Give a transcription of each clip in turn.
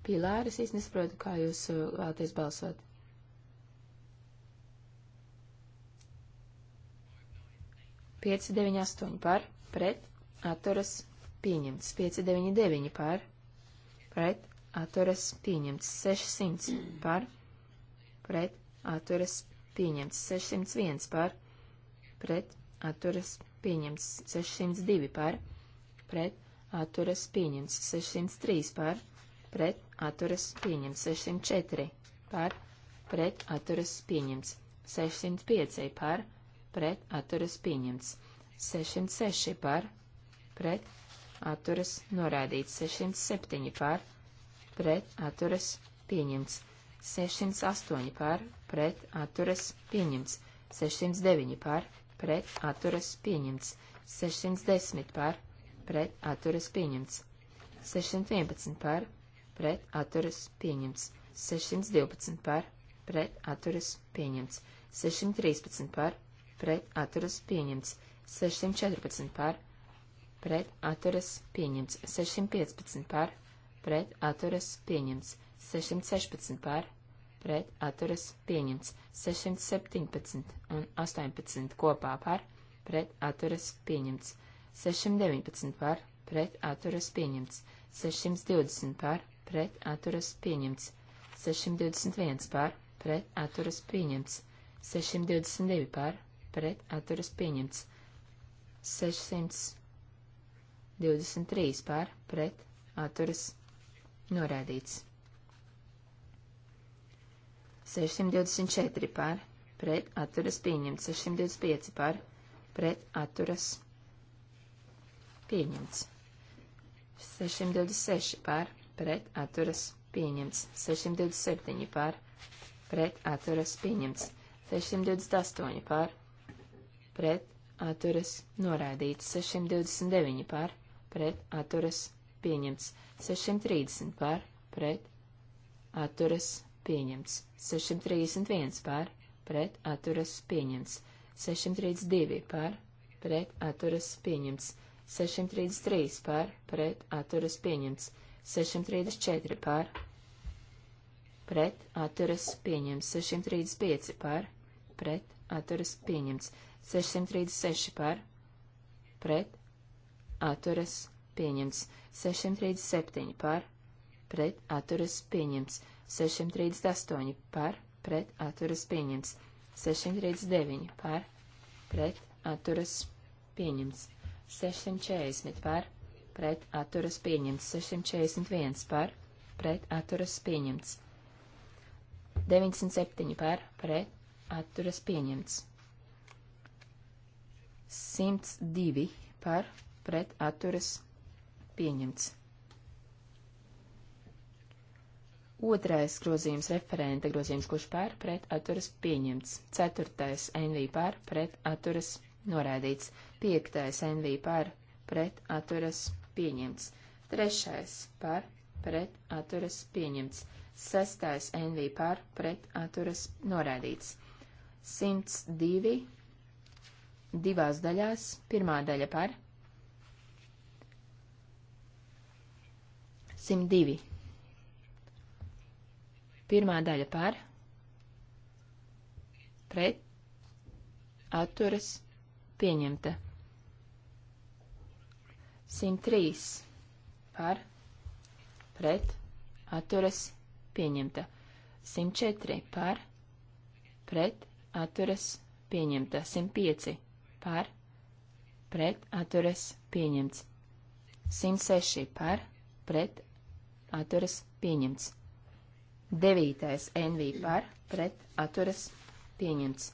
Pilāra, es īsti nesaprotu, kā jūs uh, vēlaties balsot. Pieci, deviņi, astoņi par, pret, atturas, pieņemts. Pieci, deviņi, deviņi par, pret, atturas, pieņemts. Sešsimts par, pret, atturas, pieņemts. Sešsimts viens par, pret, atturas, pieņemts. Sešsimts divi par, pret, atturas, pieņemts. Sešsimts trīs par, pret, pret atturas pieņemts 604 par pret atturas pieņemts 605 par pret atturas pieņemts 606 par pret atturas norādīts 607 par pret atturas pieņemts 608 par pret atturas pieņemts 609 par pret atturas pieņemts 610 par pret atturas pieņemts 611 par pret atturas pieņemts. 612 par pret atturas pieņemts. 613 par pret atturas pieņemts. 614 par pret atturas pieņemts. 615 par pret atturas pieņemts. 616 par pret atturas pieņemts. 617 un 18 kopā par pret atturas pieņemts. 619 par pret atturas pieņemts. 620 par pret atturas pieņemts. 621 par pret atturas pieņemts. 622 par pret atturas pieņemts. 623 par pret atturas norādīts. 624 par pret atturas pieņemts. 625 par pret atturas pieņemts. 626 par pret atturas pieņemts. 627 par pret atturas pieņemts. 628 par pret atturas noraidīts. 629 par pret atturas pieņemts. 630 par pret atturas pieņemts. 631 par pret atturas pieņemts. 632 par pret atturas pieņemts. 633 par pret atturas pieņemts. 634 par, pret atturas pieņemts 635 par, pret atturas pieņemts 636 par, pret atturas pieņemts 637 par, pret atturas pieņemts 638 par, pret atturas pieņemts 639 par, pret atturas pieņemts 640 par, pret atturas pieņemts. 641 par pret atturas pieņemts. 907 par pret atturas pieņemts. 102 par pret atturas pieņemts. Otrais grozījums referenta grozījums, kurš pār pret atturas pieņemts. Ceturtais NV pār pret atturas norādīts. Piektais NV pār pret atturas pieņemts. Trešais par pret atturas pieņemts. Sestais NV par pret atturas noraidīts. 102 divās daļās. Pirmā daļa par 102. Pirmā daļa par pret atturas pieņemta. 103 par pret atturas pieņemta. 104 par pret atturas pieņemta. 105 par pret atturas pieņemts. 106 par pret atturas pieņemts. 9. NV par pret atturas pieņemts.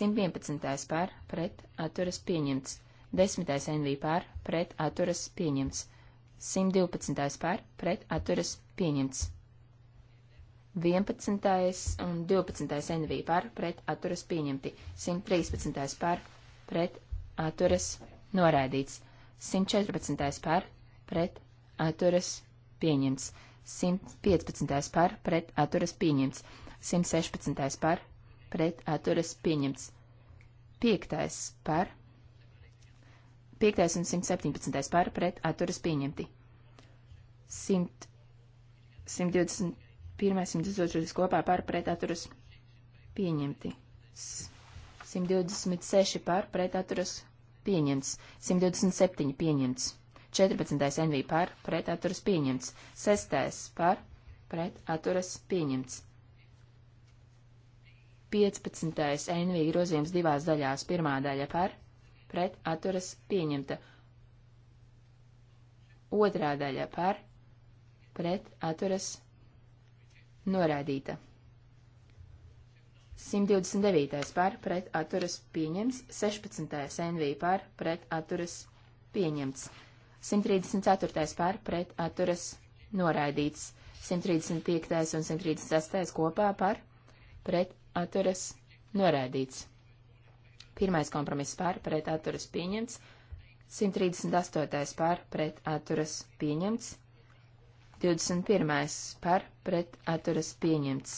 111. par pret atturas pieņemts. Desmitais NV pār pret atturas pieņemts. 112. pār pret atturas pieņemts. 11. un 12. NV pār pret atturas pieņemti. 113. pār pret atturas noraidīts. 114. pār pret atturas pieņemts. 115. pār pret atturas pieņemts. 116. pār pret atturas pieņemts. 5. par 5. un 117. par pret atturas pieņemti. 100, 121. 122. kopā par pret atturas pieņemti. 126 par pret atturas pieņemts. 127 pieņemts. 14. NV par pret atturas pieņemts. 6. par pret atturas pieņemts. 15. NV grozījums divās daļās. Pirmā daļa par pret atturas pieņemta. Otrā daļa par pret atturas norādīta. 129. par pret atturas pieņems, 16. NV par pret atturas pieņemts, 134. par pret atturas noraidīts, 135. un 136. kopā par pret atturas noraidīts. Pirmais kompromiss par pret atturas pieņemts. 138. par pret atturas pieņemts. 21. par pret atturas pieņemts.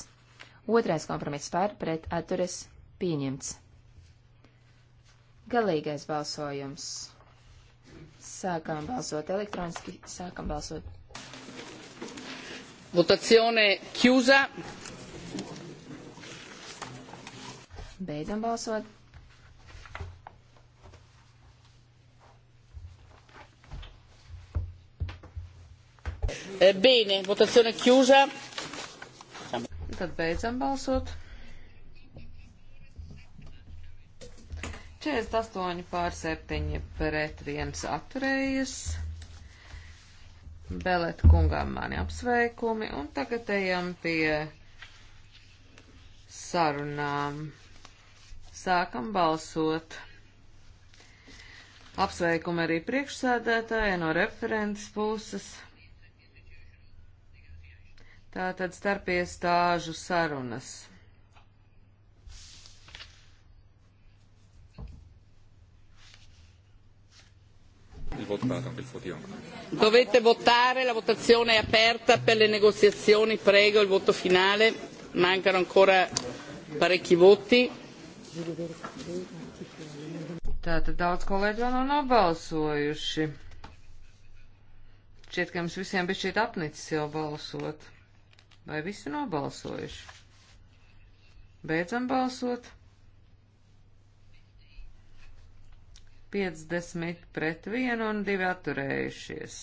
Otrais kompromiss par pret atturas pieņemts. Galīgais balsojums. Sākām balsot elektroniski, sākām balsot. Votazione chiusa. Beidzam balsot. Eh, bene, votazione chiusa. Tad beidzam balsot. 48 pār 7 pret 1 atturējies. Belet kungām mani apsveikumi un tagad ejam pie sarunām. Sākam balsot. Apsveikumi arī priekšsēdētāja no referentes puses. Tātad starpiestāžu sarunas. Dovete votare, la votazione è aperta per le negoziazioni, prego il voto finale, mancano ancora parecchi voti. Tātad daudz kolēģi vēl nav nobalsojuši. Šķiet, ka jums visiem bija šķiet apnicis jau balsot. Vai visi nobalsojuši? Beidzam balsot. 50 pret 1 un 2 atturējušies.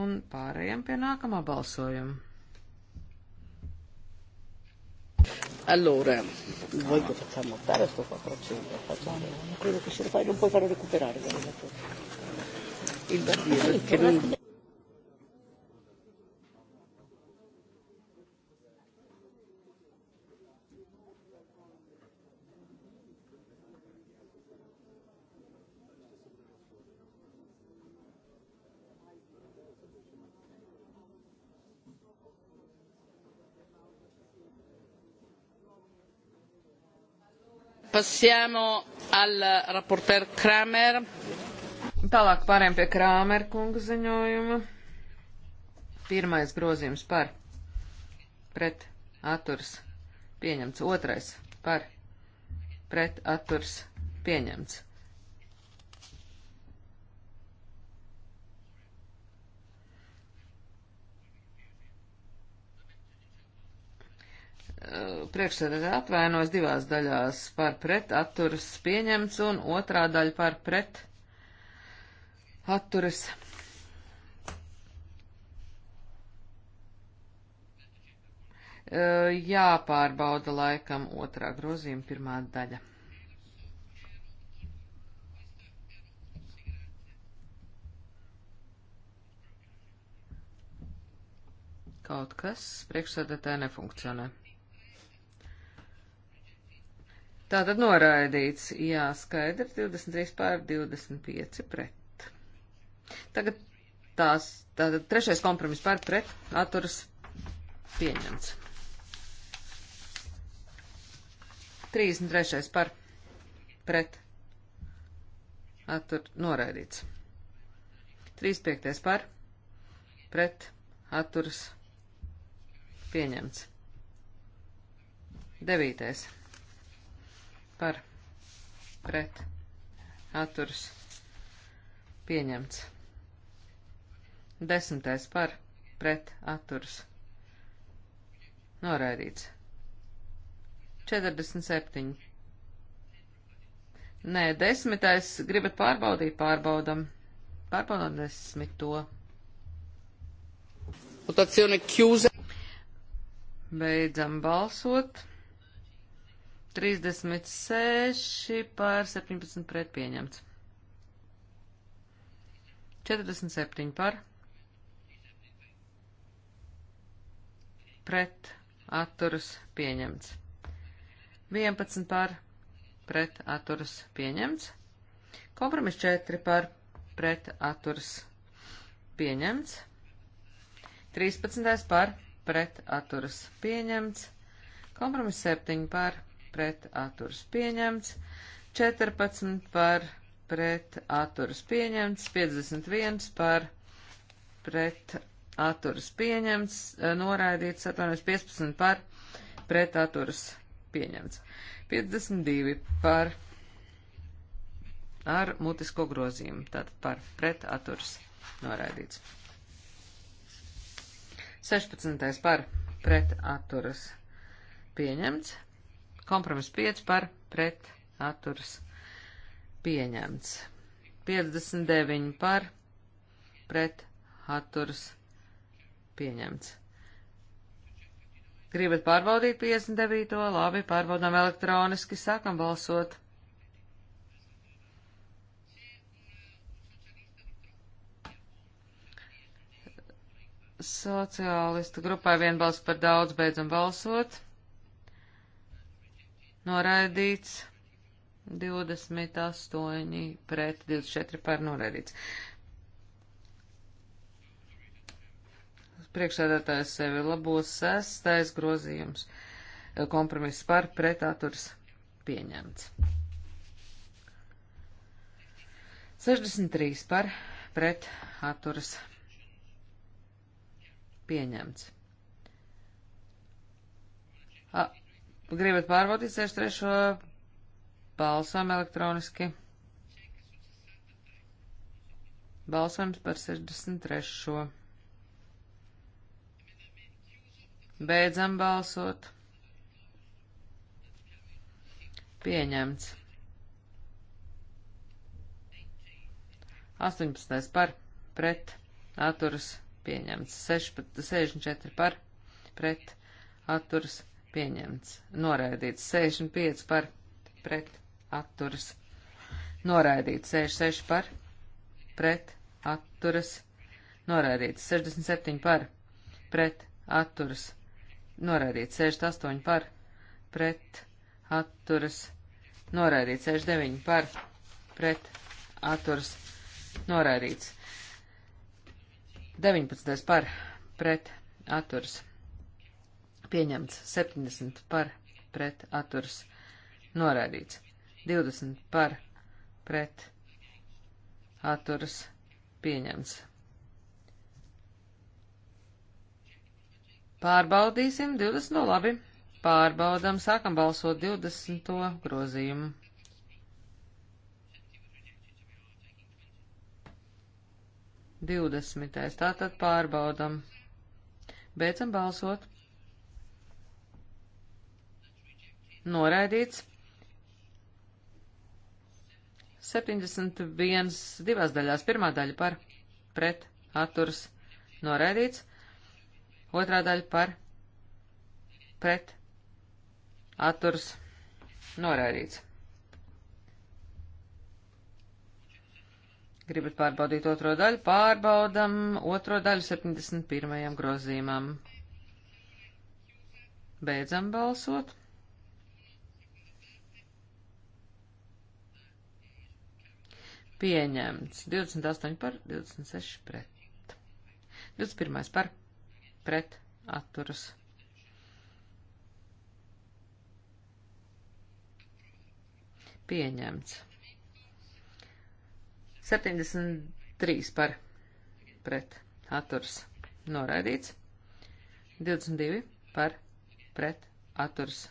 Un pārējiem pie nākamā balsojuma. Allora, voi che facciamo votare sto 400? Facciamo, non credo che se lo fai, non puoi farlo recuperare. Il bambino, che non... Passiamo al raporter Kramer. Tālāk pārējām pie Krāmer kunga ziņojuma. Pirmais grozījums par pret atturs pieņemts. Otrais par pret atturs pieņemts. priekšsēdētāji atvainojas divās daļās par pret atturas pieņemts un otrā daļa par pret atturas. Jāpārbauda laikam otrā grozījuma pirmā daļa. Kaut kas priekšsēdētāji nefunkcionē. Tā tad noraidīts, jā, skaidri, 23 pār 25 pret. Tagad tās, tātad trešais kompromiss pār pret, atturas pieņemts. 33 par pret, attur noraidīts. 35 par pret, atturas pieņemts. 9 par pret atturs pieņemts. Desmitais par pret atturs noraidīts. 47. Nē, desmitais gribat pārbaudīt, pārbaudam. Pārbaudam desmito. Votazione chiusa. Beidzam balsot. 36 pār 17 pret pieņemts. 47 par. Pret atturas pieņemts. 11 par. Pret atturas pieņemts. Kompromis 4 par. Pret atturas pieņemts. 13 par. Pret atturas pieņemts. Kompromis 7 par pret atturas pieņemts, 14 par pret atturas pieņemts, 51 par pret atturas pieņemts, eh, noraidīts, atvainojas 15 par pret atturas pieņemts, 52 par ar mutisko grozījumu, tātad par pret atturas noraidīts. 16. par pret atturas pieņemts, Kompromiss 5 par pret atturs pieņemts. 59 par pret atturs pieņemts. Gribat pārbaudīt 59. Labi, pārbaudām elektroniski, sākam balsot. Sociālistu grupai vienbalsts par daudz, beidzam balsot noraidīts 28 pret 24 par noraidīts. Priekšsēdētājs sevi labos sestais grozījums. Kompromiss par pretāturs pieņemts. 63 par pret atturas pieņemts. A Gribat pārbaudīt 63. balsām elektroniski. Balsojums par 63. Beidzam balsot. Pieņemts. 18 par, pret, atturas, pieņemts. 64 par, pret, atturas, pieņemts pieņemts, noraidīts 65 par pret atturas, noraidīts 66 par pret atturas, noraidīts 67 par pret atturas, noraidīts 68 par pret atturas, noraidīts 69 par pret atturas, noraidīts 19 par pret atturas pieņemts 70 par pret atturs noraidīts, 20 par pret atturs pieņemts. Pārbaudīsim 20. No nu labi. Pārbaudam, sākam balsot 20. grozījumu. Divdesmitais, tātad pārbaudam. Beidzam balsot. noraidīts. 71 divās daļās. Pirmā daļa par pret atturs noraidīts. Otrā daļa par pret atturs noraidīts. Gribat pārbaudīt otro daļu? Pārbaudam otro daļu 71. grozīmam. Beidzam balsot. Pieņemts. 28 par, 26 pret. 21 par, pret, atturas. Pieņemts. 73 par, pret, atturas. Noraidīts. 22 par, pret, atturas.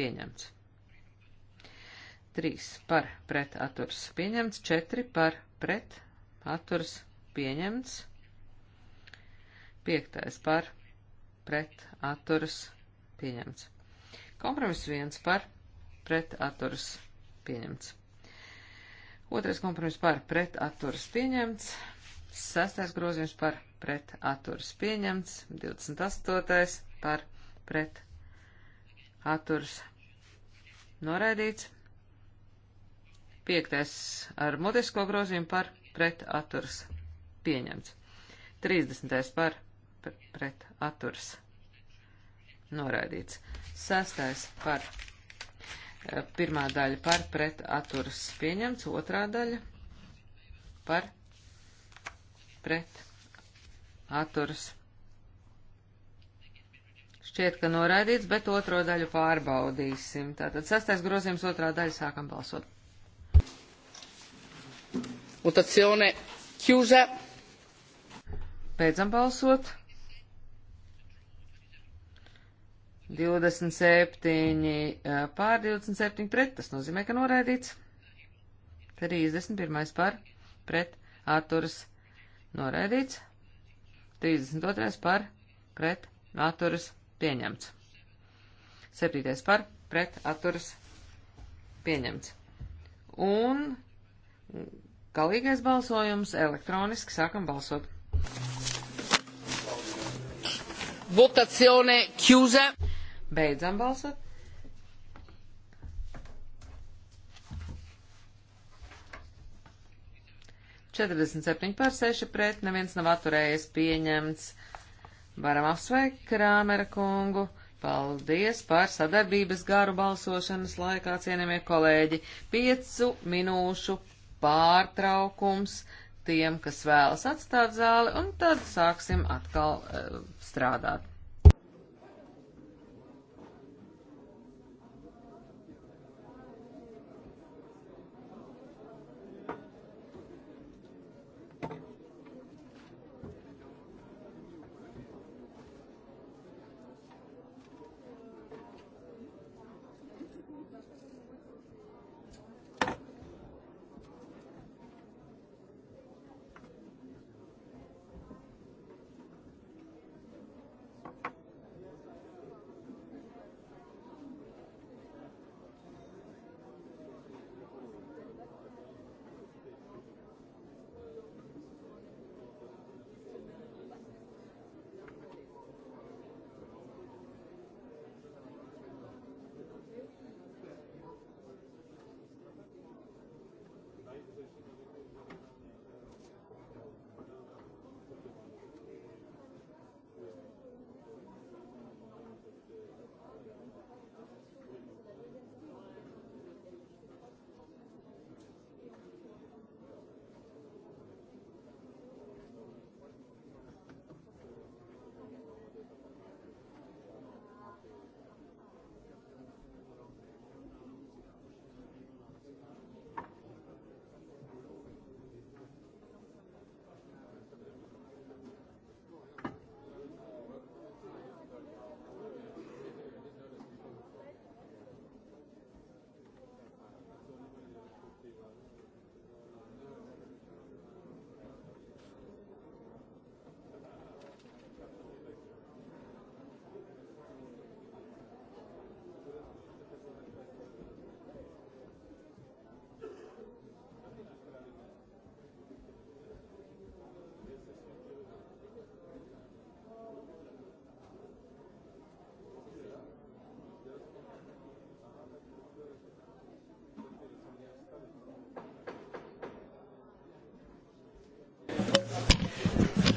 Pieņemts. 3 par pret atturs pieņemts, 4 par pret atturs pieņemts, 5 par pret atturs pieņemts. Kompromiss 1 par pret atturs pieņemts. Otrais kompromiss par pret atturs pieņemts, sestais grozījums par pret atturs pieņemts, 28. par pret atturs noraidīts. Piektais ar mutisko grozījumu par pret atturs pieņemts. 30. par pret atturs noraidīts. 6. par eh, pirmā daļa par pret atturs pieņemts, otrā daļa par pret atturs. Šķiet, ka noraidīts, bet otro daļu pārbaudīsim. Tātad sastais grozījums otrā daļa sākam balsot. Votazione chiusa. Beidzam balsot. 27 pār 27 pret, tas nozīmē, ka noraidīts. 31 pār pret, atturas noraidīts. 32 pār pret, atturas pieņemts. 7 pār pret, atturas pieņemts. Un Galīgais balsojums elektroniski sākam balsot. Votazione chiusa. Beidzam balsot. Četrdesmit septiņi pār seši pret, neviens nav atturējies pieņemts. Varam apsveikt Krāmera kungu. Paldies par sadarbības garu balsošanas laikā, cienījamie kolēģi. Piecu minūšu pārtraukums tiem, kas vēlas atstāt zāli, un tad sāksim atkal uh, strādāt.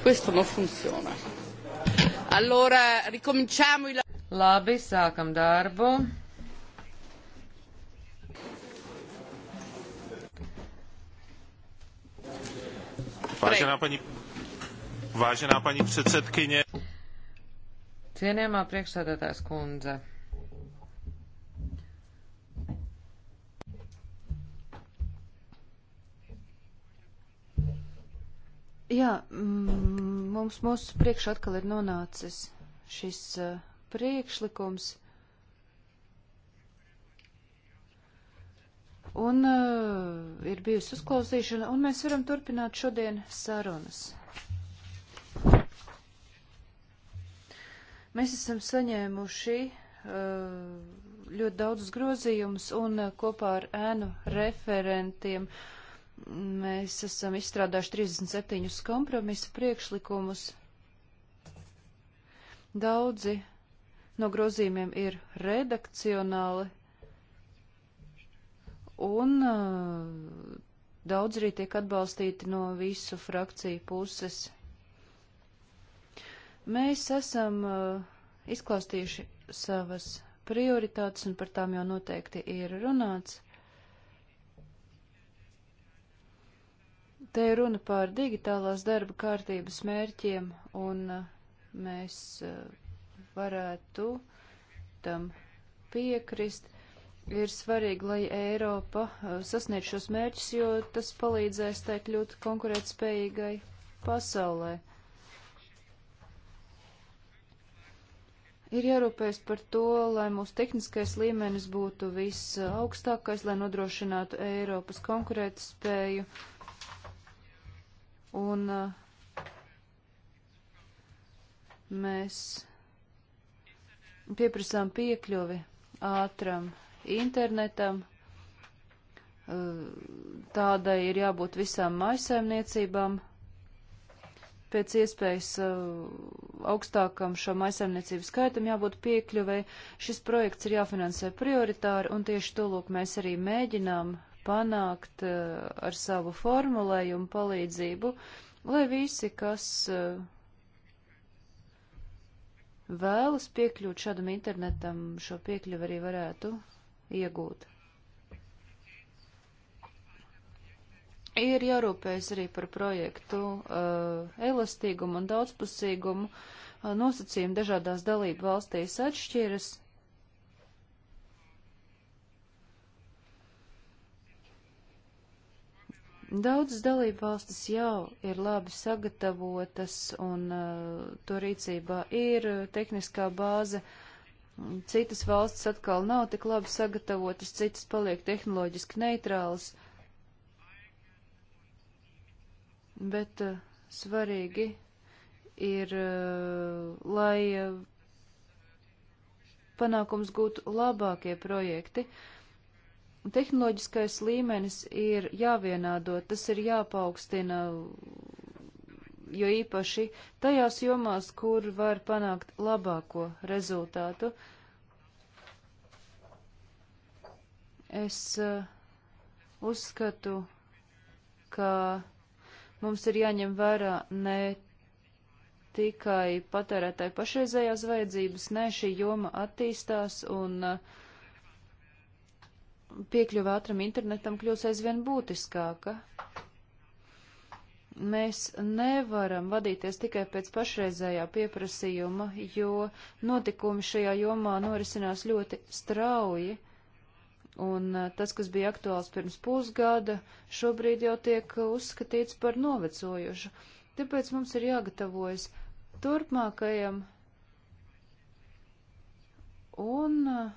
questo non funziona. Allora, ricominciamo il... Labi, sākam darbu. Vážená paní, vážená paní předsedkyně. Cienījamā priekšsēdētājs kundze. Jā, mums mūsu priekš atkal ir nonācis šis uh, priekšlikums. Un uh, ir bijusi uzklausīšana, un mēs varam turpināt šodien sarunas. Mēs esam saņēmuši uh, ļoti daudzus grozījumus un kopā ar ēnu referentiem uh, Mēs esam izstrādājuši 37 kompromisu priekšlikumus. Daudzi no grozījumiem ir redakcionāli, un uh, daudz arī tiek atbalstīti no visu frakciju puses. Mēs esam uh, izklāstījuši savas prioritātes, un par tām jau noteikti ir runāts. Te ir runa par digitālās darba kārtības mērķiem, un uh, mēs uh, varētu tam piekrist. Ir svarīgi, lai Eiropa uh, sasniegtu šos mērķus, jo tas palīdzēs tai kļūt konkurētspējīgai pasaulē. Ir jārūpējas par to, lai mūsu tehniskais līmenis būtu visaugstākais, lai nodrošinātu Eiropas konkurētspēju spēju Un uh, mēs pieprasām piekļuvi ātram internetam. Uh, tādai ir jābūt visām maisaimniecībām pēc iespējas uh, augstākam šo maisaimniecību skaitam jābūt piekļuvei. Šis projekts ir jāfinansē prioritāri, un tieši to lūk mēs arī mēģinām panākt eh, ar savu formulējumu palīdzību, lai visi, kas eh, vēlas piekļūt šādam internetam, šo piekļuvi arī varētu iegūt. Ir jārūpējas arī par projektu uh, elastīgumu un daudzpusīgumu. Uh, nosacījumi dažādās dalību valstīs atšķiras, Daudzas dalībvalstis jau ir labi sagatavotas un uh, to rīcībā ir uh, tehniskā bāze. Citas valstis atkal nav tik labi sagatavotas, citas paliek tehnoloģiski neitrālas. Bet uh, svarīgi ir, uh, lai uh, panākums gūtu labākie projekti. Uh, tehnoloģiskais līmenis ir jāvienādo, tas ir jāpaukstina, jo īpaši tajās jomās, kur var panākt labāko rezultātu. Es uh, uzskatu, ka mums ir jāņem vērā ne tikai patērētāji pašreizējās vajadzības, ne šī joma attīstās un uh, piekļuva ātram internetam kļūs aizvien būtiskāka. Mēs nevaram vadīties tikai pēc pašreizējā pieprasījuma, jo notikumi šajā jomā norisinās ļoti strauji, un eh, tas, kas bija aktuāls pirms pusgada, šobrīd jau tiek uzskatīts par novecojušu. Tāpēc mums ir jāgatavojas turpmākajam un eh,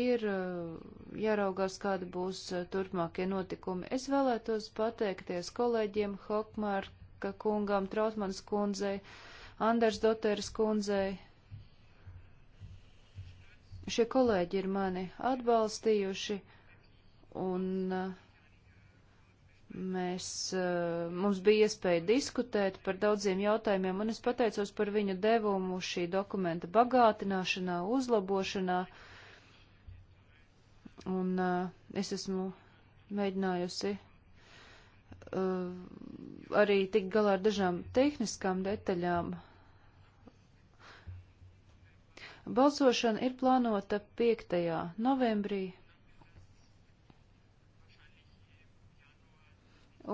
ir eh, jāraugās, kādi būs eh, turpmākie notikumi. Es vēlētos pateikties kolēģiem Hokmārka kungam, Trautmanas kundzei, Anders Doteres kundzei. Šie kolēģi ir mani atbalstījuši un eh, mēs, eh, mums bija iespēja diskutēt par daudziem jautājumiem un es pateicos par viņu devumu šī dokumenta bagātināšanā, uzlabošanā. Uh, Un uh, es esmu mēģinājusi uh, arī tikt galā ar dažām tehniskām detaļām. Balsošana ir plānota 5. novembrī.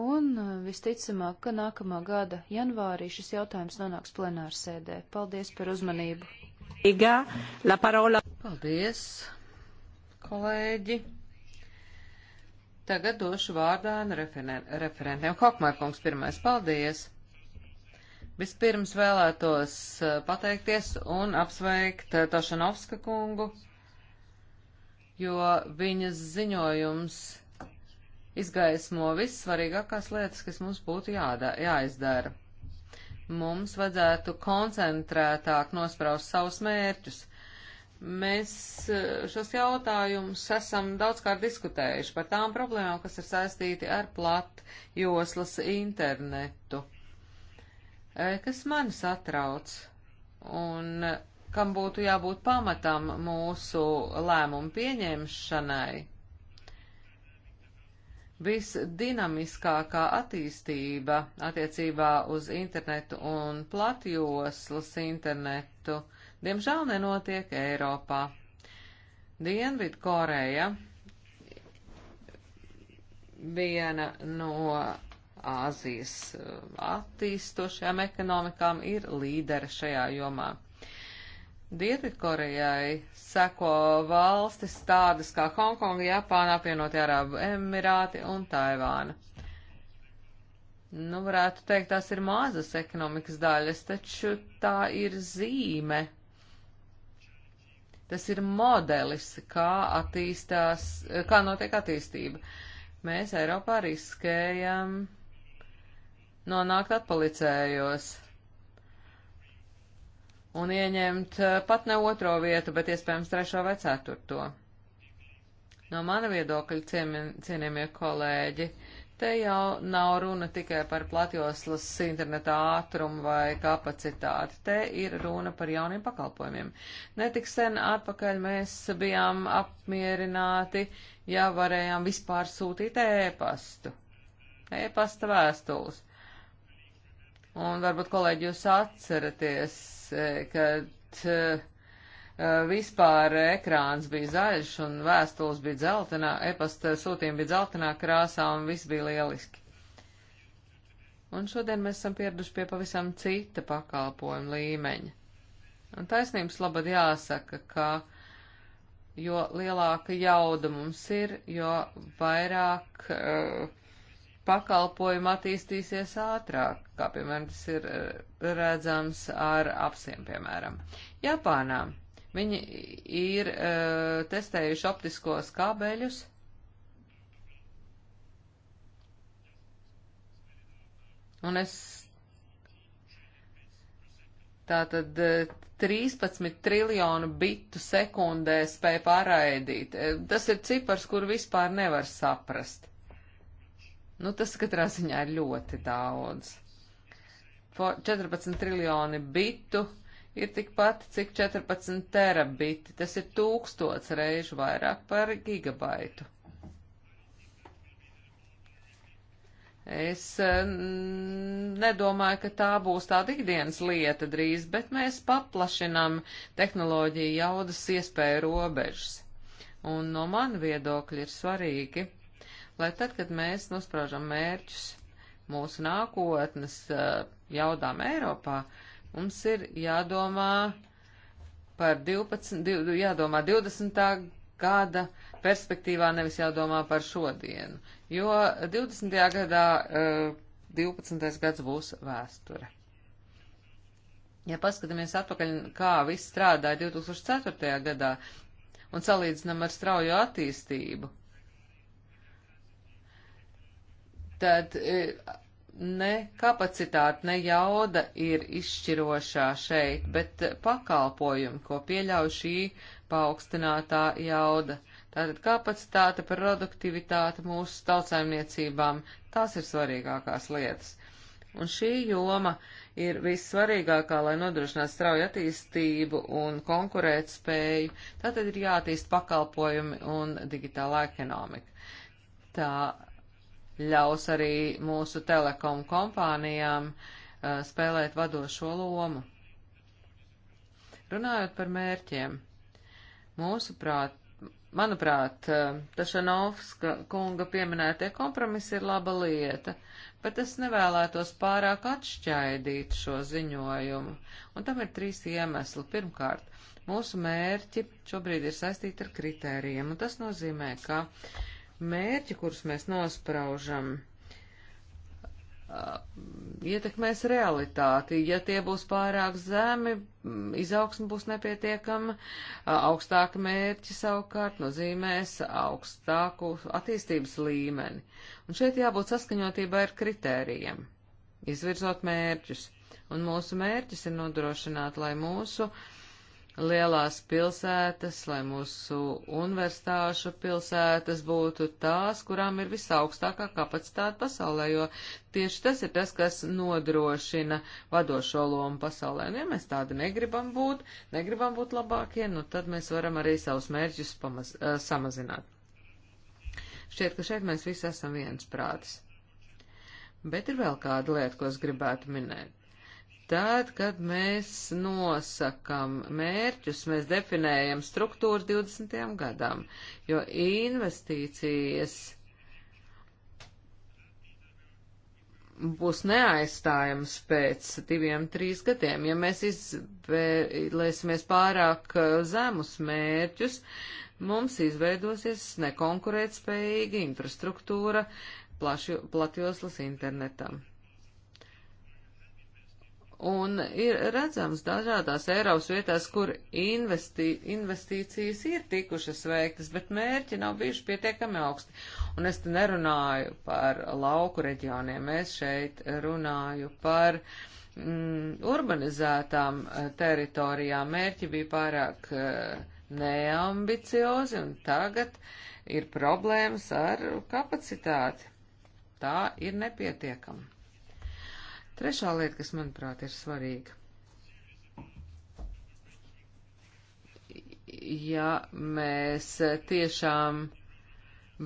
Un visticamāk, ka nākamā gada janvārī šis jautājums nonāks plenārsēdē. Paldies par uzmanību. Paldies kolēģi. Tagad došu vārdā referentiem. Hokmārkungs pirmais, paldies! Vispirms vēlētos eh, pateikties un apsveikt eh, Tošanovska kungu, jo viņas ziņojums izgaismo viss svarīgākās lietas, kas mums būtu jādā, jāizdara. Mums vajadzētu koncentrētāk nospraust savus mērķus, Mēs eh, šos jautājumus esam daudzkārt diskutējuši par tām problēmām, kas ir saistīti ar platjoslas internetu. Eh, kas mani satrauc un eh, kam būtu jābūt pamatam mūsu lēmumu pieņemšanai? Visdinamiskākā attīstība attiecībā uz internetu un platjoslas internetu uh, diemžēl nenotiek Eiropā. Dienvidu Koreja viena no Āzijas uh, attīstošajām ekonomikām ir līdera šajā jomā. Dienvidkorejai seko valstis tādas kā Hongkonga, Japāna, apvienotie Arābu Emirāti un Taivāna. Nu, varētu teikt, tās ir mazas ekonomikas daļas, taču tā ir zīme Tas ir modelis, kā attīstās, kā notiek attīstība. Mēs Eiropā riskējam nonākt atpalicējos un ieņemt eh, pat ne otro vietu, bet iespējams trešo vai ceturto. No mana viedokļa, cienījamie kolēģi, uh, Te jau nav runa tikai par platjoslas interneta ātrumu vai kapacitāti, te ir runa par jauniem pakalpojumiem. Netik sen atpakaļ mēs bijām apmierināti, ja varējām vispār sūtīt ēpastu, ēpasta vēstules. Un varbūt, kolēģi, jūs atceraties, eh, kad eh, Eh, vispār ekrāns bija zaļš un vēstules bija dzeltenā, e-pasta sūtījumi bija dzeltenā krāsā un viss bija lieliski. Un šodien mēs esam pieraduši pie pavisam cita pakalpojuma līmeņa. Un taisnības labad jāsaka, ka jo lielāka jauda mums ir, jo vairāk uh, pakalpojumu attīstīsies ātrāk, kā piemēram tas ir eh, redzams ar apsiem, piemēram. Japānā Viņi ir uh, testējuši optiskos kabeļus. Un es tātad 13 eh, triljonu bitu sekundē spēju pārraidīt. Eh, tas ir cipars, kur vispār nevar saprast. Nu, tas katrā ziņā ir ļoti daudz. 14 triljoni bitu ir tikpat, cik 14 terabiti. Tas ir tūkstots reižu vairāk par gigabaitu. Es eh, nedomāju, ka tā būs tāda ikdienas lieta drīz, bet mēs paplašinām tehnoloģiju jaudas iespēju robežas. Un no manu viedokļa ir svarīgi, lai tad, kad mēs nospraužam mērķus mūsu nākotnes eh, jaudām Eiropā, uh, Mums ir jādomā par 12, div, jādomā 20. gada perspektīvā, nevis jādomā par šodienu, jo 20. gadā uh, eh, 12. gads būs vēsture. Ja paskatāmies atpakaļ, kā viss strādāja 2004. gadā un salīdzinām ar straujo attīstību, tad uh, ne kapacitāte, ne jauda ir izšķirošā šeit, bet pakalpojumi, ko pieļauj šī paaugstinātā jauda. Tātad kapacitāte, produktivitāte mūsu tautsājumniecībām, tās ir svarīgākās lietas. Un šī joma ir vissvarīgākā, lai nodrošinātu strauju attīstību un konkurēt spēju. Tātad ir jātīst pakalpojumi un digitālā ekonomika. Tā ļaus arī mūsu telekom kompānijām uh, spēlēt vadošo lomu. Runājot par mērķiem, mūsuprāt, manuprāt, uh, Tašanovska kunga pieminētie kompromisi ir laba lieta, bet es nevēlētos pārāk atšķaidīt šo ziņojumu, un tam ir trīs iemesli. Pirmkārt, mūsu mērķi šobrīd ir saistīti ar kritērijiem, un tas nozīmē, ka mērķi, kurus mēs nospraužam, ietekmēs realitāti. Ja tie būs pārāk zemi, izaugsme būs nepietiekama, augstāka mērķi savukārt nozīmēs augstāku attīstības līmeni. Un šeit jābūt saskaņotībā ar kritērijiem, izvirzot mērķus. Un mūsu mērķis ir nodrošināt, lai mūsu uh, lielās pilsētas, lai mūsu universitāšu pilsētas būtu tās, kurām ir visaugstākā kapacitāte pasaulē, jo tieši tas ir tas, kas nodrošina vadošo lomu pasaulē. Un nu, ja mēs tādi negribam būt, negribam būt labākie, nu tad mēs varam arī savus mērķus pamaz, uh, samazināt. Šķiet, ka šeit mēs visi esam viens prātis. Bet ir vēl kāda lieta, ko es gribētu minēt. Tad, kad mēs nosakam mērķus, mēs definējam struktūru 20. gadam, jo investīcijas būs neaizstājams pēc diviem, trīs gadiem. Ja mēs izvēlēsimies pārāk zemus mērķus, mums izveidosies nekonkurētspējīga infrastruktūra plaši, platjoslas internetam. Un ir redzams dažādās Eiropas vietās, kur investī, investīcijas ir tikušas veiktas, bet mērķi nav bijuši pietiekami augsti. Un es te nerunāju par lauku reģioniem, es šeit runāju par mm, urbanizētām eh, teritorijām. Mērķi bija pārāk uh, neambiciozi un tagad ir problēmas ar kapacitāti. Tā ir nepietiekama. Trešā lieta, kas, manuprāt, ir svarīga. Ja mēs tiešām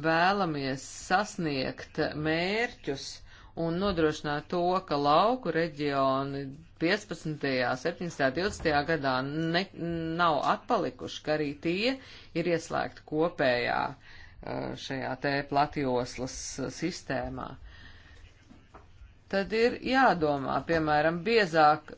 vēlamies sasniegt mērķus un nodrošināt to, ka lauku reģioni 15., 17., 20. gadā ne, nav atpalikuši, ka arī tie ir ieslēgti kopējā eh, šajā te platjoslas eh, sistēmā tad ir jādomā, piemēram, biezāk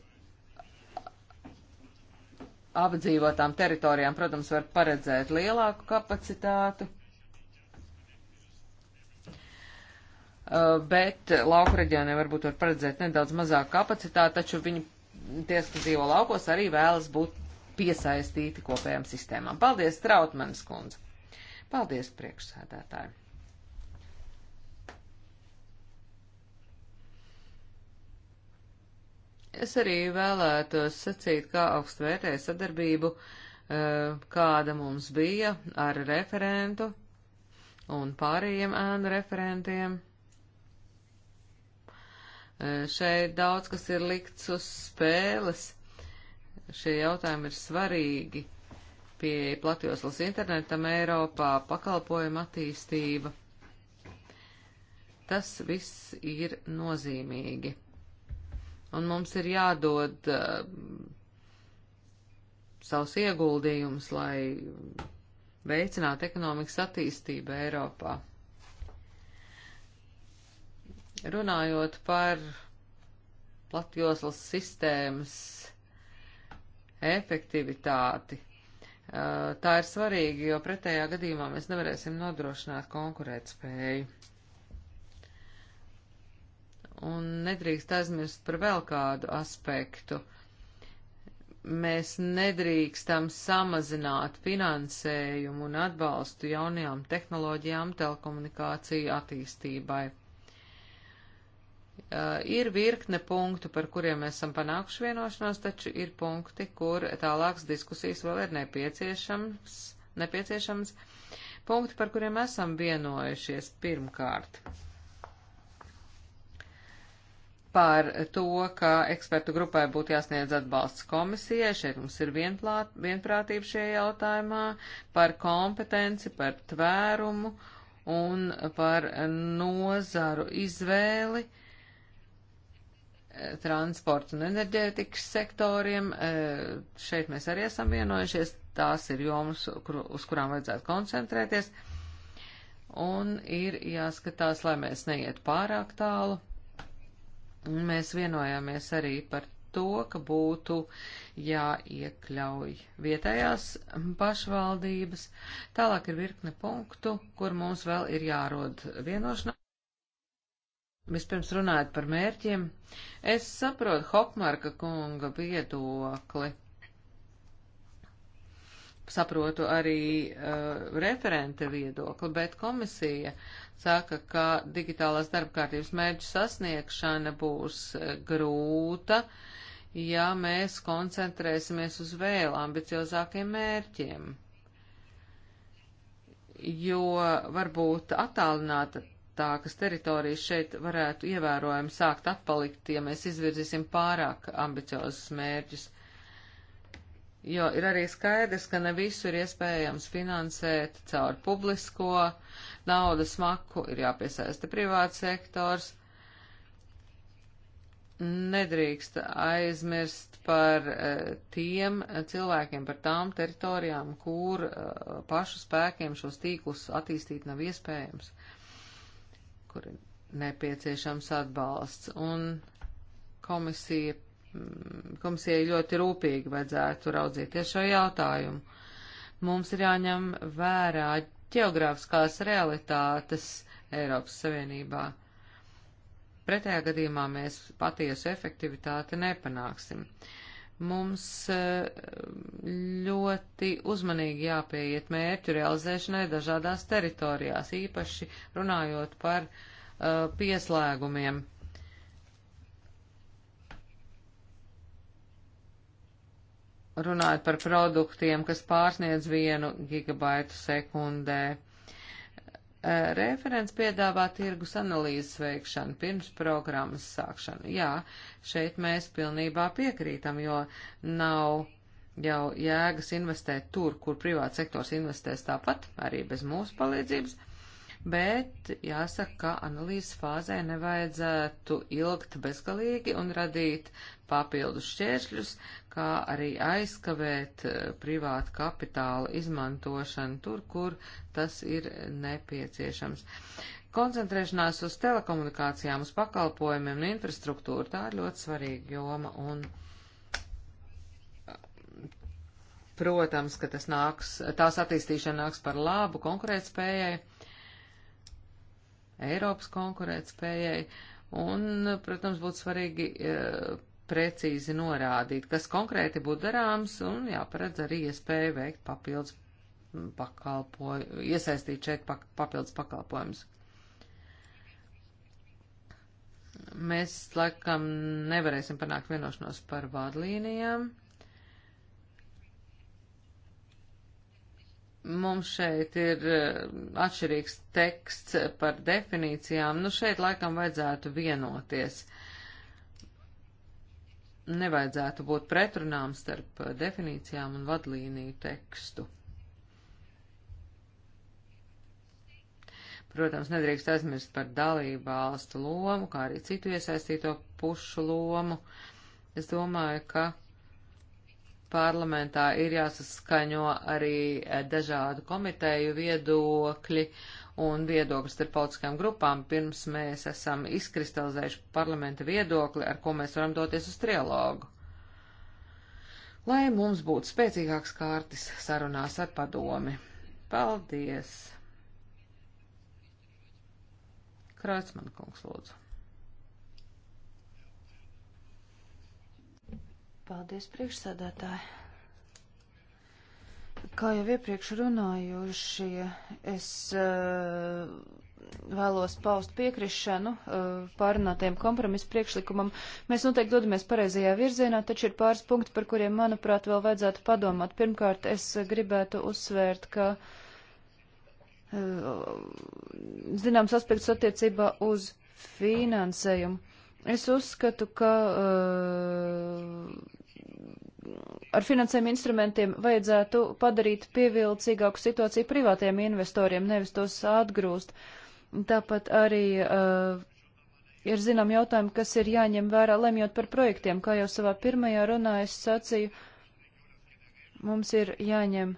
apdzīvotām teritorijām, protams, var paredzēt lielāku kapacitātu, eh, bet lauku reģioniem varbūt var paredzēt nedaudz mazāku kapacitāti, taču viņi, tie, kas dzīvo laukos, arī vēlas būt piesaistīti kopējām sistēmām. Paldies, Trautmanis kundze! Paldies, priekšsēdētāji! Es arī vēlētos sacīt, kā augstu vērtēju sadarbību, eh, kāda mums bija ar referentu un pārējiem ēnu referentiem. Eh, šeit daudz kas ir likts uz spēles. Šie jautājumi ir svarīgi. Pieeja platjoslas internetam Eiropā, pakalpojuma attīstība. Tas viss ir nozīmīgi un mums ir jādod uh, savus ieguldījumus, lai veicinātu ekonomikas attīstību Eiropā. Runājot par platjoslas sistēmas efektivitāti, uh, tā ir svarīga, jo pretējā gadījumā mēs nevarēsim nodrošināt konkurētspēju. Un nedrīkst aizmirst par vēl kādu aspektu. Mēs nedrīkstam samazināt finansējumu un atbalstu jaunajām tehnoloģijām telekomunikāciju attīstībai. Uh, ir virkne punktu, par kuriem mēs esam panākuši vienošanos, taču ir punkti, kur tālākas diskusijas vēl ir nepieciešams, nepieciešams. Punkti, par kuriem esam vienojušies pirmkārt par to, ka ekspertu grupai būtu jāsniedz atbalsts komisijai. Šeit mums ir vienplāt, vienprātība šajā jautājumā par kompetenci, par tvērumu un par nozaru izvēli eh, transporta un enerģētikas sektoriem. Eh, šeit mēs arī esam vienojušies. Tās ir jomas, uz kurām vajadzētu koncentrēties. Un ir jāskatās, lai mēs neiet pārāk tālu Mēs vienojāmies arī par to, ka būtu jāiekļauj vietējās pašvaldības. Tālāk ir virkne punktu, kur mums vēl ir jārod vienošanās. Vispirms runājot par mērķiem, es saprotu Hopmarka kunga viedokli saprotu arī uh, referenta viedokli, bet komisija saka, ka digitālās darbkārtības mērķu sasniegšana būs uh, grūta, ja mēs koncentrēsimies uz vēl ambiciozākiem mērķiem. Jo varbūt attālināta tākas teritorijas šeit varētu ievērojami sākt atpalikt, ja mēs izvirzīsim pārāk ambiciozus mērķus jo ir arī skaidrs, ka ne visu ir iespējams finansēt caur publisko naudas maku, ir jāpiesaista privāts sektors. Nedrīkst aizmirst par eh, tiem cilvēkiem, par tām teritorijām, kur eh, pašu spēkiem šos tīklus attīstīt nav iespējams, kur ir nepieciešams atbalsts. Un komisija Mm, komisijai ļoti rūpīgi vajadzētu raudzīties šo jautājumu. Mums ir jāņem vērā ģeogrāfiskās realitātes Eiropas Savienībā. Pretējā gadījumā mēs patiesu efektivitāti nepanāksim. Mums eh, ļoti uzmanīgi jāpieiet mērķu realizēšanai dažādās teritorijās, īpaši runājot par uh, pieslēgumiem runājot par produktiem, kas pārsniedz vienu gigabaitu sekundē. Referents piedāvā tirgus analīzes veikšanu pirms programmas sākšanu. Jā, šeit mēs pilnībā piekrītam, jo nav jau jēgas investēt tur, kur privāts sektors investēs tāpat, arī bez mūsu palīdzības bet jāsaka, ka analīzes fāzē nevajadzētu ilgt bezgalīgi un radīt papildus šķēršļus, kā arī aizkavēt eh, privātu kapitāla izmantošanu tur, kur tas ir nepieciešams. Koncentrēšanās uz telekomunikācijām, uz pakalpojumiem un infrastruktūru tā ir ļoti svarīga joma un eh, protams, ka tas nāks, tās attīstīšana nāks par labu konkurētspējai Eiropas konkurētspējai, un, protams, būtu svarīgi e, precīzi norādīt, kas konkrēti būtu darāms, un jāparedz arī iespēja veikt papildus pakalpojumus, iesaistīt šeit papildus pakalpojumus. Mēs, laikam, nevarēsim panākt vienošanos par vādlīnijām. Mums šeit ir eh, atšķirīgs teksts par definīcijām. Nu, šeit laikam vajadzētu vienoties. Nevajadzētu būt pretrunām starp eh, definīcijām un vadlīniju tekstu. Protams, nedrīkst aizmirst par dalību valstu lomu, kā arī citu iesaistīto pušu lomu. Es domāju, ka parlamentā ir jāsaskaņo arī eh, dažādu komiteju viedokļi un viedokļi starp politiskām grupām, pirms mēs esam izkristalizējuši parlamenta viedokli, ar ko mēs varam doties uz trialogu. Lai mums būtu spēcīgāks kārtis sarunās ar padomi. Paldies! Kreutzmann kungs lūdzu. Paldies, priekšsēdētāji. Kā jau iepriekš runājušie, es uh, vēlos paust piekrišanu uh, eh, pārunātajam kompromisu priekšlikumam. Mēs noteikti dodamies pareizajā virzienā, taču ir pāris punkti, par kuriem, manuprāt, vēl vajadzētu padomāt. Pirmkārt, es gribētu uzsvērt, ka uh, zināms aspekts attiecībā uz finansējumu. Es uzskatu, ka uh, ar finansējuma instrumentiem vajadzētu padarīt pievilcīgāku situāciju privātiem investoriem, nevis tos atgrūst. Tāpat arī uh, ir zinām jautājumi, kas ir jāņem vērā, lemjot par projektiem. Kā jau savā pirmajā runā es sacīju, mums ir jāņem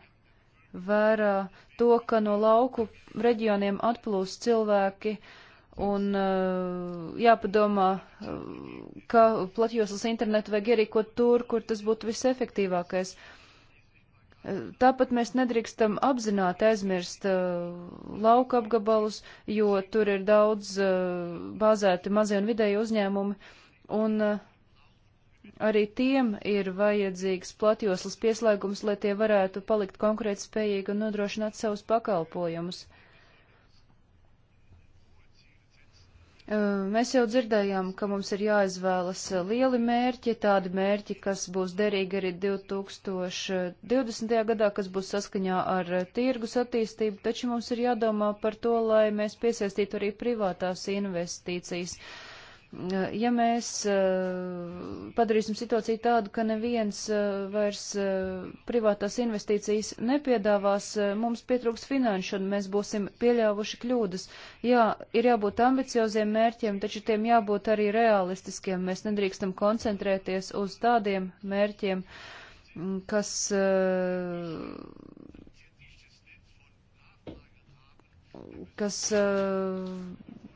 vērā to, ka no lauku reģioniem atplūst cilvēki. Uh, Un eh, jāpadomā, eh, ka platjoslas internetu vajag ierīkot tur, kur tas būtu visefektīvākais. Eh, tāpat mēs nedrīkstam apzināti aizmirst lauka apgabalus, jo tur ir daudz bāzēti mazie un vidēji uzņēmumi, un arī tiem ir vajadzīgs platjoslas pieslēgums, lai tie varētu palikt konkurētspējīgi un nodrošināt savus pakalpojumus. Mēs jau dzirdējām, ka mums ir jāizvēlas lieli mērķi, tādi mērķi, kas būs derīgi arī 2020. gadā, kas būs saskaņā ar tirgus attīstību, taču mums ir jādomā par to, lai mēs piesaistītu arī privātās investīcijas. Uh, ja mēs eh, padarīsim situāciju tādu, ka neviens eh, vairs eh, privātās investīcijas nepiedāvās, mums pietrūks finanšu un mēs būsim pieļāvuši kļūdas. Jā, ir jābūt ambicioziem mērķiem, taču tiem jābūt arī realistiskiem. Mēs nedrīkstam koncentrēties uz tādiem mērķiem, mm, kas kas uh,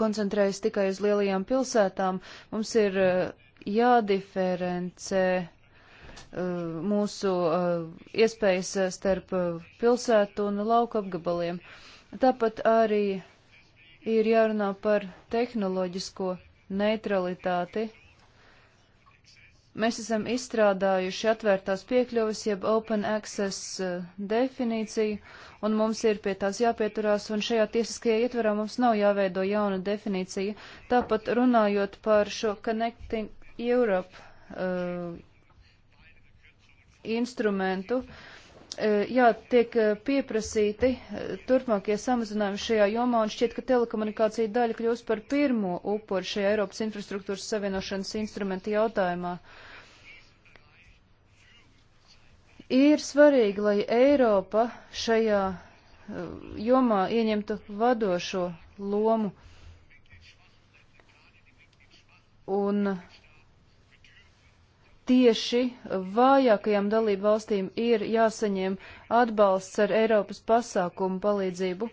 koncentrējas tikai uz lielajām pilsētām, mums ir eh, jādiferencē eh, mūsu eh, iespējas starp pilsētu un lauka apgabaliem. Tāpat arī ir jārunā par tehnoloģisko neutralitāti Mēs esam izstrādājuši atvērtās piekļuvis, jeb open access uh, definīciju, un mums ir pie tās jāpieturās, un šajā tiesiskajā ietverā mums nav jāveido jauna definīcija. Tāpat runājot par šo Connecting Europe uh, instrumentu, uh, E, jā, tiek e, pieprasīti e, turpmākie samazinājumi šajā jomā, un šķiet, ka telekomunikācija daļa kļūs par pirmo upuri šajā Eiropas infrastruktūras savienošanas instrumenta jautājumā. Ir svarīgi, lai Eiropa šajā jomā ieņemtu vadošo lomu. Un uh, tieši vājākajām dalību valstīm ir jāsaņem atbalsts ar Eiropas pasākumu palīdzību.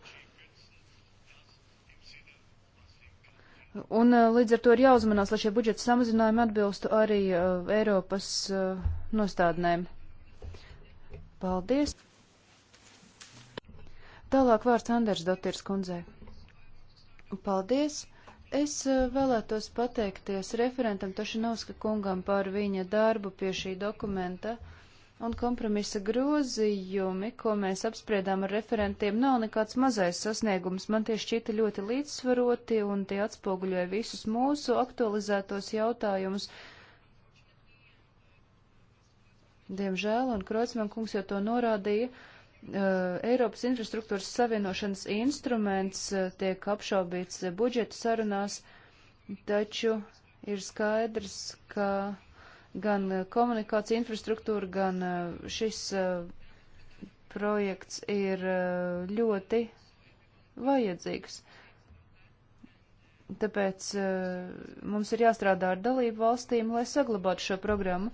Un eh, līdz ar to ir jāuzmanās, lai šie budžeta samazinājumi atbilstu arī uh, Eiropas uh, nostādnēm. Paldies! Tālāk vārds Anders Dotirs kundzei. Paldies! Es eh, vēlētos pateikties referentam Tošinovska kungam par viņa darbu pie šī dokumenta, un kompromisa grozījumi, ko mēs apspriedām ar referentiem, nav nekāds mazais sasniegums. Man tie šķita ļoti līdzsvaroti, un tie atspoguļoja visus mūsu aktualizētos jautājumus. Diemžēl, un Krocman kungs jau to norādīja, uh, Eh, Eiropas infrastruktūras savienošanas instruments eh, tiek apšaubīts eh, budžeta sarunās, taču ir skaidrs, ka gan komunikācija infrastruktūra, gan šis projekts ir ļoti vajadzīgs. Tāpēc mums ir jāstrādā ar dalību valstīm, lai saglabātu šo programmu.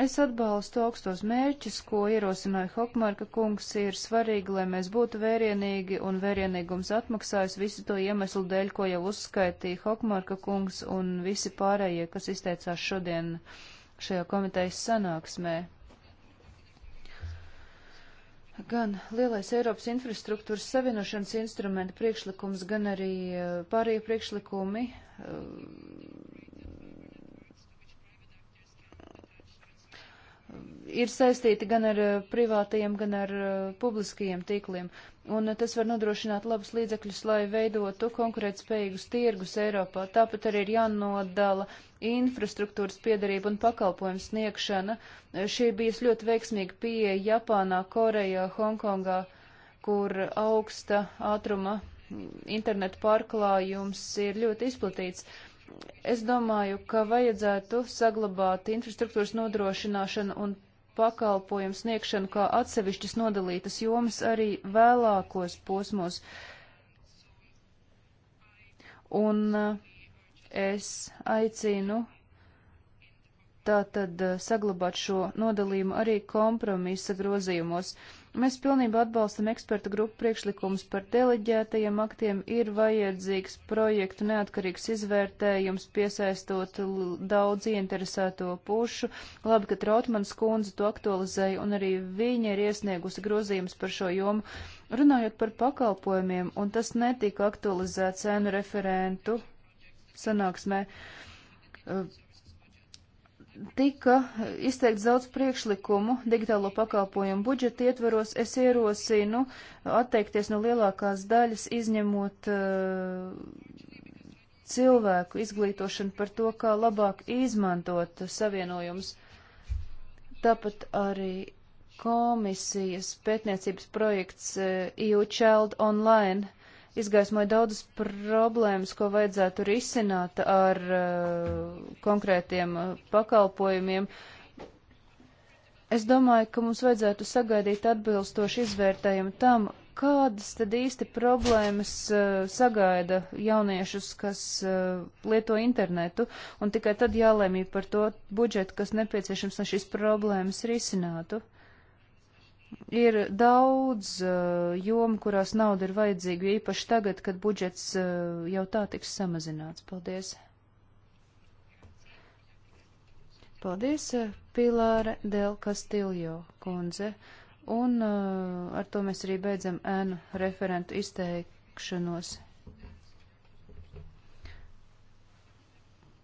Es atbalstu augstos mērķus, ko ierosināja Hokmarka kungs, ir svarīgi, lai mēs būtu vērienīgi, un vērienīgums atmaksājas visu to iemeslu dēļ, ko jau uzskaitīja Hokmarka kungs un visi pārējie, kas izteicās šodien šajā komitejas sanāksmē. Gan lielais Eiropas infrastruktūras savienošanas instrumenta priekšlikums, gan arī eh, pārējie priekšlikumi eh, ir saistīti gan ar eh, privātajiem, gan ar eh, publiskajiem tīkliem, un eh, tas var nodrošināt labus līdzekļus, lai veidotu konkurētspējīgus tirgus Eiropā. Tāpat arī ir jānodala infrastruktūras piedarība un pakalpojums sniegšana. Šī bijis ļoti veiksmīga pieeja Japānā, Korejā, Hongkongā, kur augsta ātruma internetu pārklājums ir ļoti izplatīts. Uh, Es domāju, ka vajadzētu saglabāt infrastruktūras nodrošināšanu un pakalpojumu sniegšanu kā atsevišķas nodalītas jomas arī vēlākos posmos. Un eh, es aicinu tātad eh, saglabāt šo nodalījumu arī kompromisa grozījumos. Uh, Mēs pilnībā atbalstam ekspertu grupu priekšlikumus par deleģētajiem aktiem. Ir vajadzīgs projektu neatkarīgs izvērtējums, piesaistot daudz ieinteresēto pušu. Labi, ka Trautmanas kundze to aktualizēja, un arī viņa ir iesniegusi grozījumus par šo jomu. Runājot par pakalpojumiem, un tas netika aktualizēts cēnu referentu sanāksmē tika izteikts daudz priekšlikumu digitālo pakalpojumu budžeta ietveros. Es ierosinu atteikties no lielākās daļas, izņemot uh, cilvēku izglītošanu par to, kā labāk izmantot savienojumus. Tāpat arī komisijas pētniecības projekts eh, EU Child Online izgaismoja daudzas problēmas, ko vajadzētu risināt ar uh, konkrētiem uh, pakalpojumiem. Es domāju, ka mums vajadzētu sagaidīt atbilstoši izvērtējumu tam, kādas tad īsti problēmas uh, sagaida jauniešus, kas lieto internetu, un tikai tad jālēmī par to budžetu, kas nepieciešams, lai šīs problēmas risinātu. Ir daudz uh, jomu, kurās nauda ir vajadzīga, jo īpaši tagad, kad budžets uh, jau tā tiks samazināts. Paldies! Paldies, eh, Pilāre Del Castillo kundze. Un uh, ar to mēs arī beidzam ēnu referentu izteikšanos.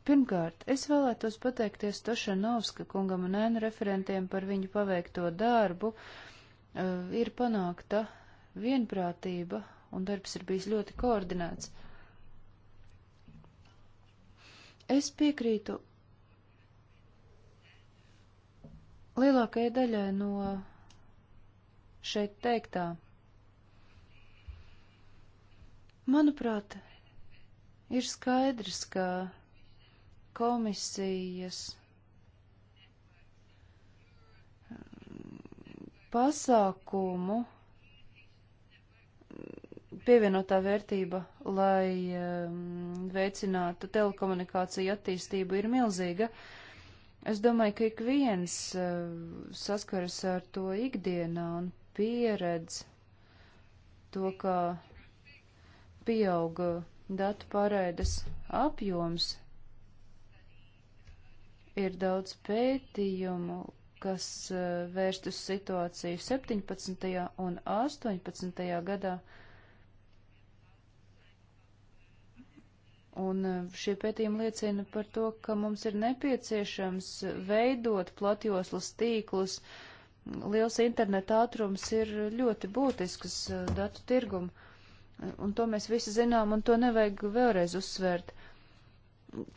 Pirmkārt, es vēlētos pateikties Tošanovska kungam un ēnu referentiem par viņu paveikto darbu. Uh, Eh, ir panākta vienprātība un darbs ir bijis ļoti koordinēts. Es piekrītu lielākajai daļai no šeit teiktā. Manuprāt, ir skaidrs, ka komisijas pasākumu pievienotā vērtība, lai um, veicinātu telekomunikāciju attīstību, ir milzīga. Es domāju, ka ik viens uh, saskaras ar to ikdienā un pieredz to, kā pieauga datu pārēdes apjoms. Ir daudz pētījumu, kas eh, vērst uz situāciju 17. un 18. gadā. Un eh, šie pētījumi liecina par to, ka mums ir nepieciešams veidot platjoslas tīklus. Liels interneta ātrums ir ļoti būtisks eh, datu tirgumu, un to mēs visi zinām, un to nevajag vēlreiz uzsvērt.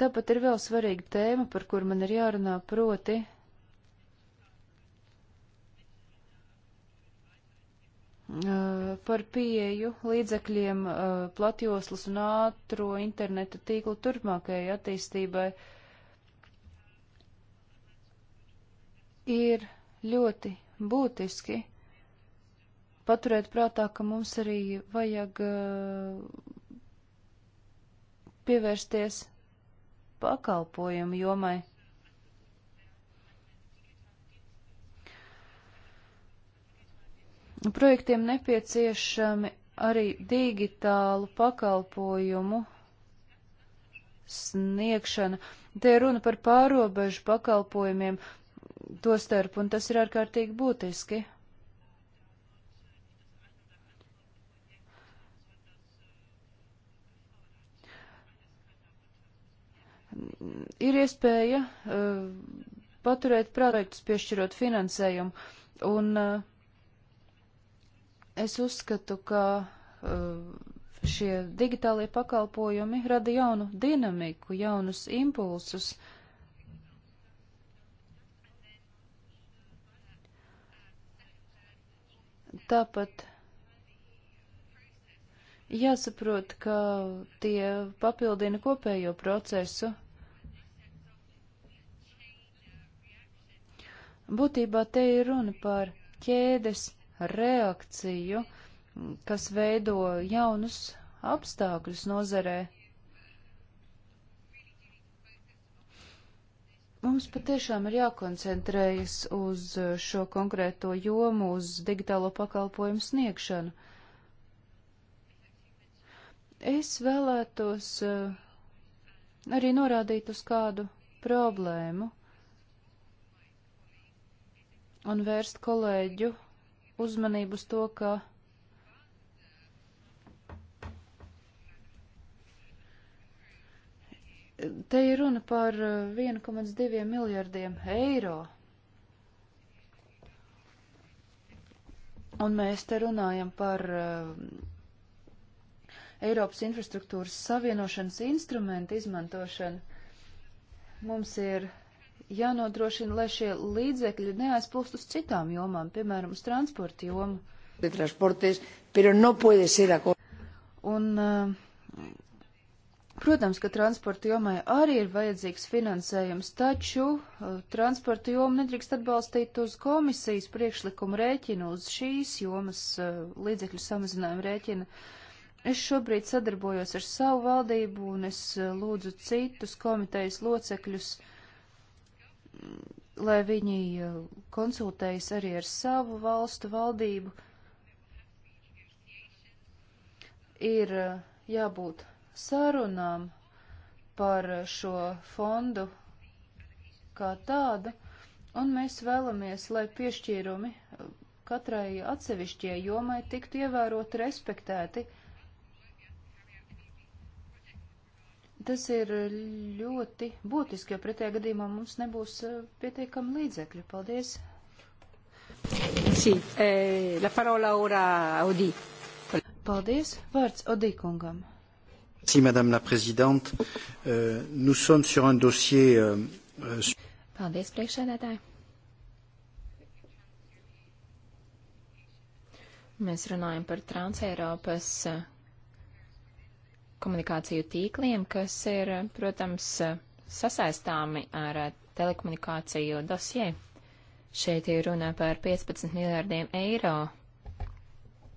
Tāpat ir vēl svarīga tēma, par kur man ir jārunā proti Eh, par pieeju līdzekļiem eh, platjoslas un ātro interneta tīklu turpmākajai attīstībai ir ļoti būtiski paturēt prātā, ka mums arī vajag eh, pievērsties pakalpojumu jomai. Projektiem nepieciešami arī digitālu pakalpojumu sniegšana. Te ir runa par pārobežu pakalpojumiem to starp, un tas ir ārkārtīgi būtiski. Ir iespēja uh, paturēt projektus, piešķirot finansējumu, un uh, Es uzskatu, ka uh, šie digitālie pakalpojumi rada jaunu dinamiku, jaunus impulsus. Tāpat jāsaprot, ka tie papildina kopējo procesu. Būtībā te ir runa par ķēdes reakciju, kas veido jaunus apstākļus nozarē. Mums patiešām ir jākoncentrējas uz šo konkrēto jomu, uz digitālo pakalpojumu sniegšanu. Es vēlētos eh, arī norādīt uz kādu problēmu un vērst kolēģu uzmanību uz to, ka te ir runa par 1,2 uh, miljardiem eiro. Un mēs te runājam par uh, Eiropas infrastruktūras savienošanas instrumentu izmantošanu. Mums ir jānodrošina, lai šie līdzekļi neaizplūst uz citām jomām, piemēram, uz transporta jomu. No Un, eh, protams, ka transporta jomai arī ir vajadzīgs finansējums, taču eh, transporta jomu nedrīkst atbalstīt uz komisijas priekšlikumu rēķinu, uz šīs jomas eh, līdzekļu samazinājumu rēķinu. Es šobrīd sadarbojos ar savu valdību un es lūdzu citus komitejas locekļus uh, lai viņi eh, konsultējas arī ar savu valstu valdību, ir eh, jābūt sarunām par šo fondu kā tādu, un mēs vēlamies, lai piešķīrumi eh, katrai atsevišķie jomai tiktu ievēroti respektēti. Tas ir ļoti būtiski, jo pretējā gadījumā mums nebūs eh, pietiekami līdzekļu. Paldies! Sí, eh, la parola ora Audi. Paldies! Vārds Audi kungam. Merci, madame la présidente. Euh, nous sommes sur un dossier. Euh, euh Paldies, priekšsēdētāji. Mēs runājam par Transeiropas komunikāciju tīkliem, kas ir, protams, sasaistāmi ar telekomunikāciju dosie. Šeit ir runa par 15 miljārdiem eiro.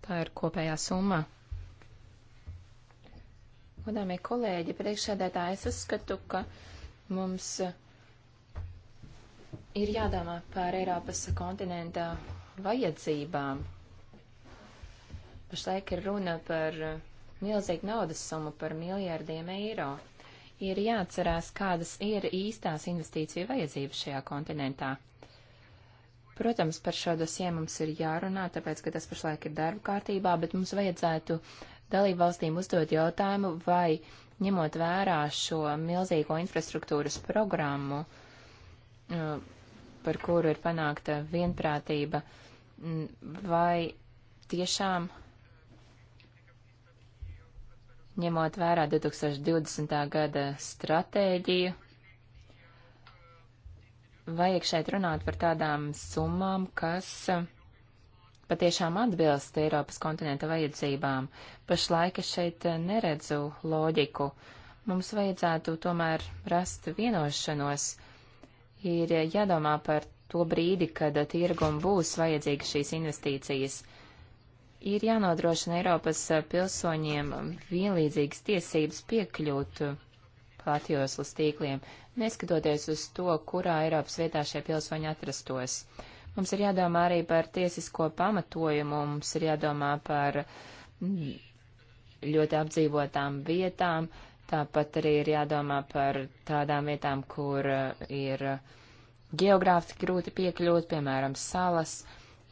Tā ir kopējā summa. Godāmie kolēģi, priekšsēdētā es uzskatu, ka mums ir jādomā par Eiropas kontinenta vajadzībām. Pašlaik ir runa par uh, milzīga naudas summa par miljardiem eiro. Ir jāatcerās, kādas ir īstās investīciju vajadzības šajā kontinentā. Protams, par šo dosie mums ir jārunā, tāpēc, ka tas pašlaik ir darba kārtībā, bet mums vajadzētu dalību valstīm uzdot jautājumu, vai ņemot vērā šo milzīgo infrastruktūras programmu, nu, par kuru ir panākta vienprātība, vai tiešām ņemot vērā 2020. gada stratēģiju, vajag šeit runāt par tādām summām, kas patiešām atbilst Eiropas kontinenta vajadzībām. Pašlaik es šeit neredzu loģiku. Mums vajadzētu tomēr rast vienošanos. Ir jādomā par to brīdi, kad tirgum būs vajadzīgas šīs investīcijas. Uh, Ir jānodrošina Eiropas eh, pilsoņiem vienlīdzīgas tiesības piekļūt eh, platjoslas tīkliem, neskatoties uz to, kurā Eiropas vietā šie pilsoņi atrastos. Mums ir jādomā arī par tiesisko pamatojumu, mums ir jādomā par mm, ļoti apdzīvotām vietām, tāpat arī ir jādomā par tādām vietām, kur eh, ir geogrāfiski grūti piekļūt, piemēram, salas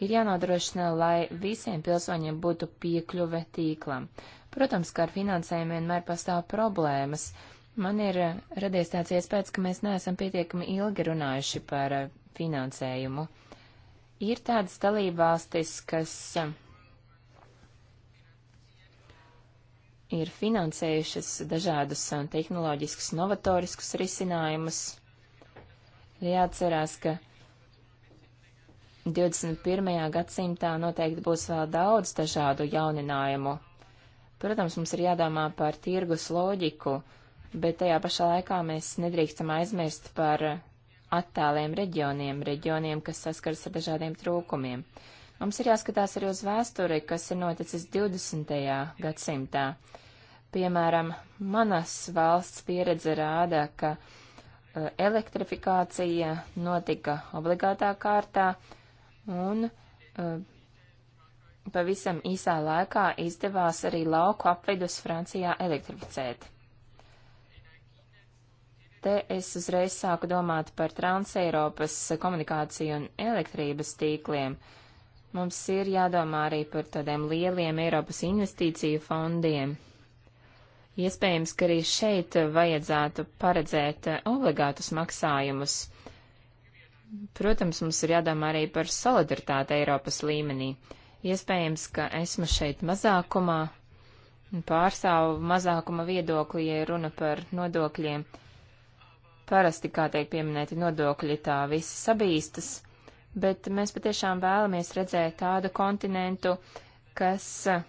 ir jānodrošina, lai visiem pilsoņiem būtu piekļuve tīklam. Protams, ka ar finansējumu vienmēr pastāv problēmas. Man ir eh, radies tāds iespējas, ka mēs neesam pietiekami ilgi runājuši par eh, finansējumu. Ir tādas dalībvalstis, kas eh, ir finansējušas dažādus tehnoloģiskus novatoriskus risinājumus. Jāatcerās, ka 21. gadsimtā noteikti būs vēl daudz dažādu jauninājumu. Protams, mums ir jādomā par tirgus loģiku, bet tajā pašā laikā mēs nedrīkstam aizmirst par attāliem reģioniem, reģioniem, kas saskaras ar dažādiem trūkumiem. Mums ir jāskatās arī uz vēsturi, kas ir noticis 20. gadsimtā. Piemēram, manas valsts pieredze rāda, ka eh, elektrifikācija notika obligātā kārtā, un eh, pavisam īsā laikā izdevās arī lauku apvidus Francijā elektrificēt. Te es uzreiz sāku domāt par Transeiropas komunikāciju un elektrības tīkliem. Mums ir jādomā arī par tādiem lieliem Eiropas investīciju fondiem. Iespējams, ka arī šeit vajadzētu paredzēt eh, obligātus maksājumus Protams, mums ir jādomā arī par solidaritāti Eiropas līmenī. Iespējams, ka esmu šeit mazākumā, pārstāvu mazākuma viedokli, ja runa par nodokļiem. Parasti, kā tiek pieminēti nodokļi, tā visi sabīstas, bet mēs patiešām vēlamies redzēt tādu kontinentu, kas uh,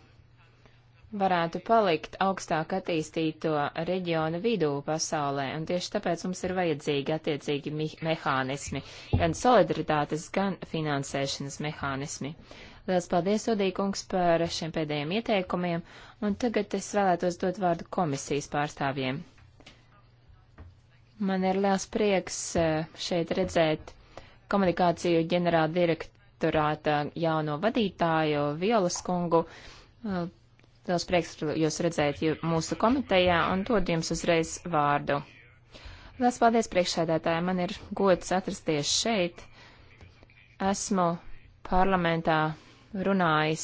varētu palikt augstāk attīstīto reģionu vidū pasaulē, un tieši tāpēc mums ir vajadzīgi attiecīgi mehānismi, gan solidaritātes, gan finansēšanas mehānismi. Liels paldies, Odīkungs, par šiem pēdējiem ieteikumiem, un tagad es vēlētos dot vārdu komisijas pārstāvjiem. Man ir liels prieks eh, šeit redzēt komunikāciju ģenerāldirektorāta jauno vadītāju Violas kungu. Liels prieks jūs redzēt mūsu komitejā un dod jums uzreiz vārdu. Liels paldies priekšsēdētāji, man ir gods atrasties šeit. Esmu parlamentā runājis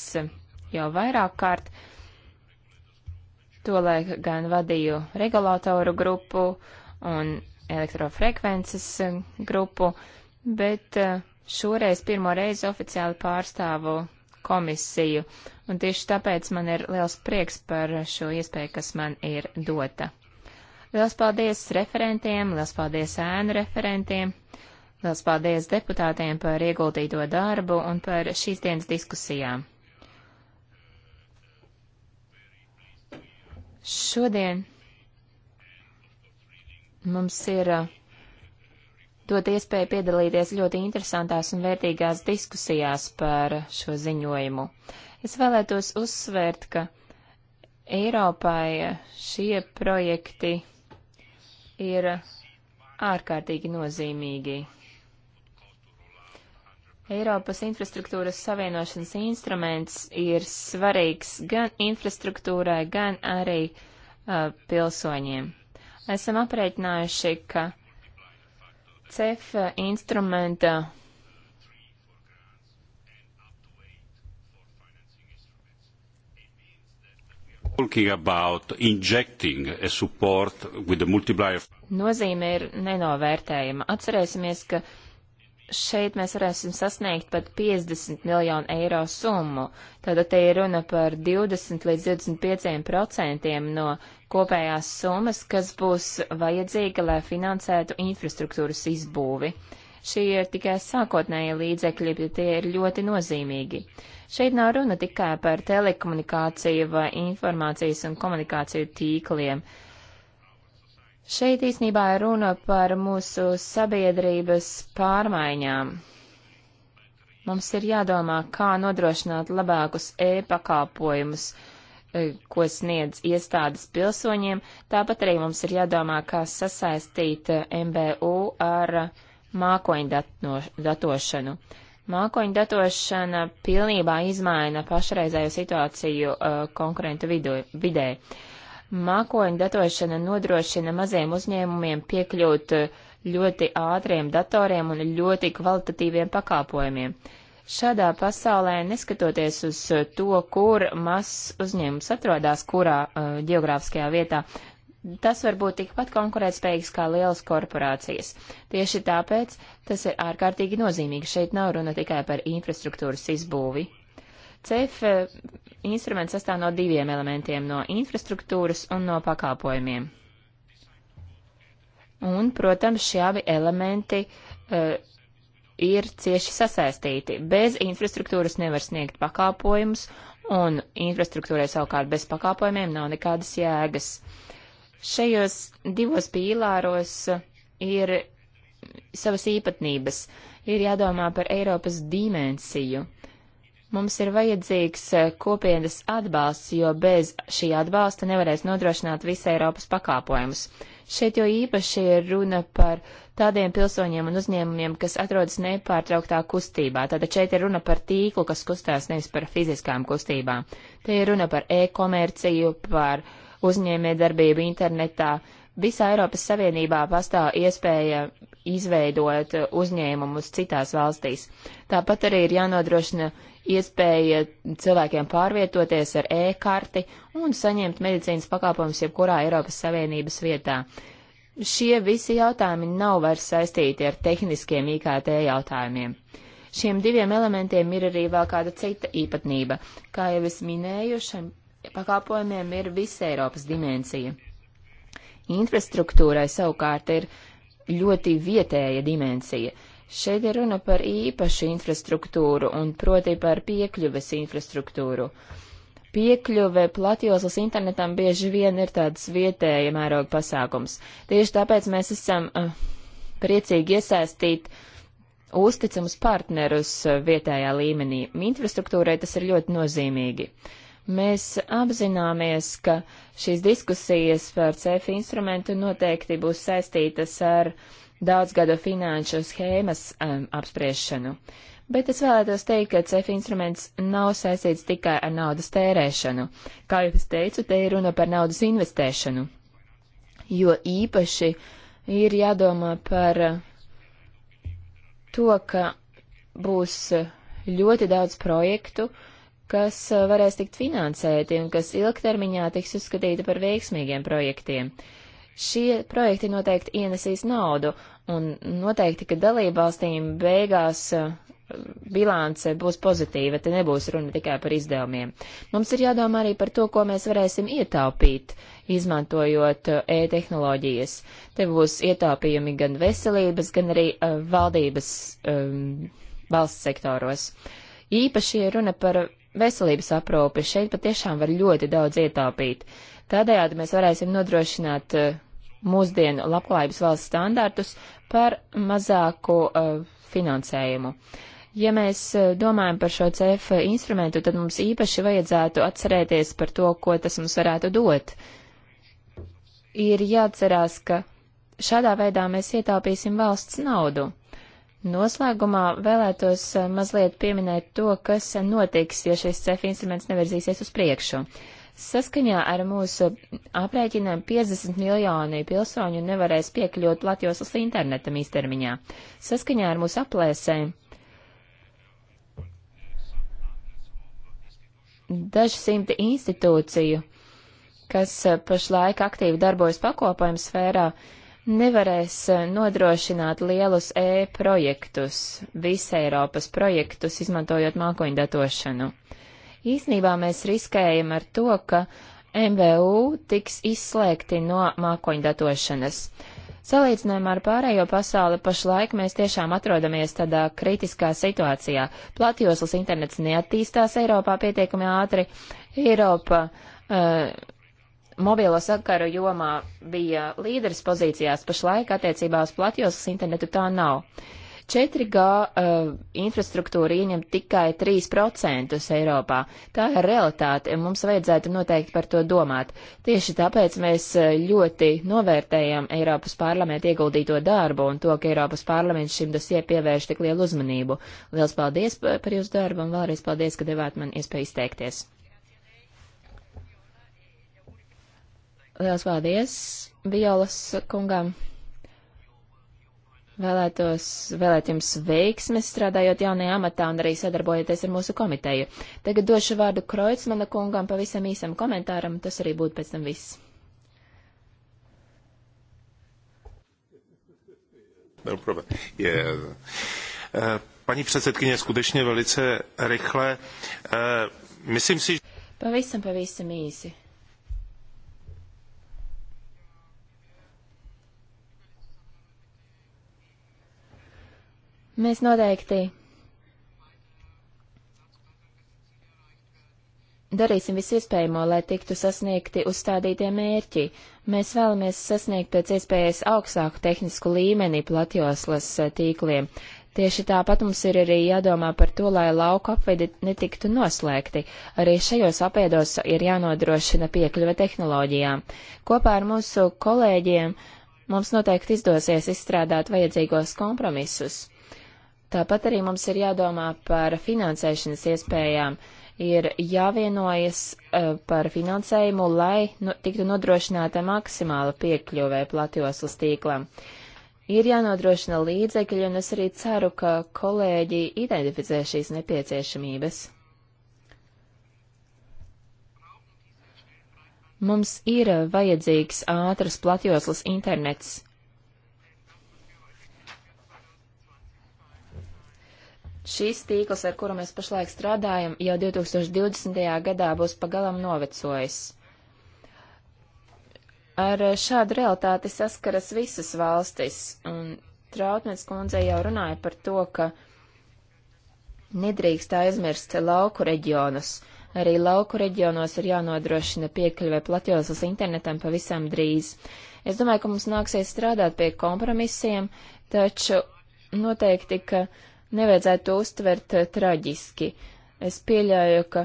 jau vairāk kārt. Tolēk gan vadīju regulātoru grupu un elektrofrekvences grupu, bet eh, šoreiz pirmo reizi oficiāli pārstāvu komisiju, un tieši tāpēc man ir liels prieks par šo iespēju, kas man ir dota. Liels paldies referentiem, liels paldies ēnu referentiem, liels paldies deputātiem par ieguldīto darbu un par šīs dienas diskusijām. Šodien mums ir uh, dot iespēju piedalīties ļoti interesantās un vērtīgās diskusijās par šo ziņojumu. Es vēlētos uzsvērt, ka Eiropai šie projekti ir ārkārtīgi nozīmīgi. Eiropas infrastruktūras savienošanas instruments ir svarīgs gan infrastruktūrai, gan arī uh, pilsoņiem. Esam aprēķinājuši, ka CEF instrumenta talking about injecting a support with the multiplier. Nozīme ir nenovērtējama. Atcerēsimies, ka šeit mēs varēsim sasniegt pat 50 miljonu eiro summu. Tātad te ir runa par 20 līdz 25 procentiem no kopējās summas, kas būs vajadzīga, lai finansētu infrastruktūras izbūvi. Šie ir tikai sākotnēji līdzekļi, bet tie ir ļoti nozīmīgi. Šeit nav runa tikai par telekomunikāciju vai informācijas un komunikāciju tīkliem. Uh, Šeit īsnībā ir runa par mūsu sabiedrības pārmaiņām. Mums ir jādomā, kā nodrošināt labākus e-pakāpojumus, e, ko sniedz iestādes pilsoņiem, tāpat arī mums ir jādomā, kā sasaistīt MBU ar mākoņdatošanu. Mākoņdatošana pilnībā izmaina pašreizējo situāciju uh, konkurentu vidu, vidē. Uh, Mākoņu datošana nodrošina maziem uzņēmumiem piekļūt eh, ļoti ātriem datoriem un ļoti kvalitatīviem pakāpojumiem. Šādā pasaulē, neskatoties uz eh, to, kur mazs uzņēmums atrodas, kurā uh, geogrāfiskajā vietā, tas var būt tikpat konkurētspējīgs kā lielas korporācijas. Tieši tāpēc tas ir ārkārtīgi nozīmīgi. Šeit nav runa tikai par infrastruktūras izbūvi. CEF eh, instruments sastāv no diviem elementiem - no infrastruktūras un no pakāpojumiem. Un, protams, šie abi elementi uh, ir cieši sasaistīti. Bez infrastruktūras nevar sniegt pakāpojumus, un infrastruktūrai savukārt bez pakāpojumiem nav nekādas jēgas. Šajos divos pīlāros eh, ir savas īpatnības. Ir jādomā par Eiropas dimensiju. Mums ir vajadzīgs eh, kopienas atbalsts, jo bez šī atbalsta nevarēs nodrošināt visu Eiropas pakāpojumus. Šeit jo īpaši ir runa par tādiem pilsoņiem un uzņēmumiem, kas atrodas nepārtrauktā kustībā. Tātad šeit ir runa par tīklu, kas kustās nevis par fiziskām kustībām. Te ir runa par e-komerciju, par uzņēmē darbību internetā. Visā Eiropas Savienībā pastāv iespēja izveidot uzņēmumus citās valstīs. Tāpat arī ir jānodrošina uh, iespēja cilvēkiem pārvietoties ar e-karti un saņemt medicīnas pakalpojumus jebkurā Eiropas Savienības vietā. Šie visi jautājumi nav vairs saistīti ar tehniskiem IKT jautājumiem. Šiem diviem elementiem ir arī vēl kāda cita īpatnība. Kā jau es minēju, šiem pakalpojumiem ir visa Eiropas dimensija. Infrastruktūrai savukārt ir ļoti vietēja dimensija. Uh, Šeit ir runa par īpašu infrastruktūru un proti par piekļuves infrastruktūru. Piekļuve platjoslas internetam bieži vien ir tāds vietēja mēroga pasākums. Tieši tāpēc mēs esam uh, priecīgi iesaistīt uzticamus partnerus eh, vietējā līmenī. Infrastruktūrai tas ir ļoti nozīmīgi. Uh, Mēs apzināmies, ka šīs diskusijas par CF instrumentu noteikti būs saistītas ar daudzgadu finanšu schēmas um, apspriešanu. Bet es vēlētos teikt, ka CEF instruments nav saistīts tikai ar naudas tērēšanu. Kā jau es teicu, te ir runa par naudas investēšanu. Jo īpaši ir jādomā par uh, to, ka būs uh, ļoti daudz projektu, uh, kas varēs tikt finansēti un kas ilgtermiņā tiks uzskatīti par veiksmīgiem projektiem. Šie projekti noteikti ienesīs naudu, un noteikti, ka dalībvalstīm beigās bilance būs pozitīva, te nebūs runa tikai par izdevumiem. Mums ir jādomā arī par to, ko mēs varēsim ietaupīt, izmantojot e-tehnoloģijas. Te būs ietaupījumi gan veselības, gan arī uh, valdības um, valsts sektoros. Īpaši runa par veselības aprūpi. Šeit patiešām var ļoti daudz ietaupīt. Tādējādi mēs varēsim nodrošināt eh, mūsdienu labklājības valsts standartus par mazāku uh, finansējumu. Ja mēs eh, domājam par šo CF instrumentu, tad mums īpaši vajadzētu atcerēties par to, ko tas mums varētu dot. Ir jāatcerās, ka šādā veidā mēs ietaupīsim valsts naudu. Noslēgumā vēlētos eh, mazliet pieminēt to, kas notiks, ja šis CEF instruments nevirzīsies uz priekšu. Saskaņā ar mūsu aprēķinām 50 miljoni pilsoņu nevarēs piekļūt Latvijas internetam īstermiņā. Saskaņā ar mūsu aplēsēm daži simti institūciju, kas eh, pašlaik aktīvi darbojas pakalpojumu sfērā, uh, nevarēs eh, nodrošināt lielus e-projektus, visai Eiropas projektus, izmantojot mākoņdatošanu. Īsnībā mēs riskējam ar to, ka MVU tiks izslēgti no mākoņdatošanas. Salīdzinājumā ar pārējo pasauli pašlaik mēs tiešām atrodamies tādā kritiskā situācijā. Platjoslas internets neattīstās Eiropā pietiekami ātri. Eiropa uh, mobilo sakaru jomā bija līderis pozīcijās, pašlaik attiecībā uz platjoslas internetu tā nav. 4G uh, infrastruktūra ieņem tikai 3% Eiropā. Tā ir realitāte, un mums vajadzētu noteikti par to domāt. Tieši tāpēc mēs uh, ļoti novērtējam Eiropas parlamentu ieguldīto darbu un to, ka Eiropas parlaments šim dosie pievērš tik lielu uzmanību. Liels paldies uh, par jūsu darbu un vēlreiz paldies, ka devāt man iespēju izteikties. Liels paldies Violas kungam. Vēlētos vēlēt jums veiksmes strādājot jaunajā amatā un arī sadarbojoties ar mūsu komiteju. Tagad došu vārdu Kreutzmana kungam pavisam īsam komentāram, tas arī būtu pēc tam viss. No problem. Yeah. Eh, uh, paní předsedkyně, skutečně velice rychle. Uh, myslím si, že... Pavisam, pavisam īsi. Mēs noteikti darīsim visu iespējamo, lai tiktu sasniegti uzstādītie mērķi. Mēs vēlamies sasniegt pēc iespējas augstāku tehnisku līmeni platjoslas eh, tīkliem. Tieši tāpat mums ir arī jādomā par to, lai lauku apvidi netiktu noslēgti. Arī šajos apēdos ir jānodrošina piekļuve tehnoloģijām. Kopā ar mūsu kolēģiem mums noteikti izdosies izstrādāt vajadzīgos kompromisus. Tāpat arī mums ir jādomā par finansēšanas iespējām. Ir jāvienojas uh, par finansējumu, lai nu, tiktu nodrošināta maksimāla piekļuvē platjoslas tīklam. Ir jānodrošina līdzekļi, un es arī ceru, ka kolēģi identificē šīs nepieciešamības. Mums ir vajadzīgs ātras platjoslas internets Šīs tīkls, ar kuru mēs pašlaik strādājam, jau 2020. gadā būs pagalam novecojis. Ar šādu realitāti saskaras visas valstis, un Trautmēs kundze jau runāja par to, ka nedrīkst aizmirst lauku reģionus. Arī lauku reģionos ir jānodrošina piekļuve platjoslas internetam pavisam drīz. Es domāju, ka mums nāksies strādāt pie kompromisiem, taču noteikti, ka nevajadzētu to uztvert eh, traģiski. Es pieļauju, ka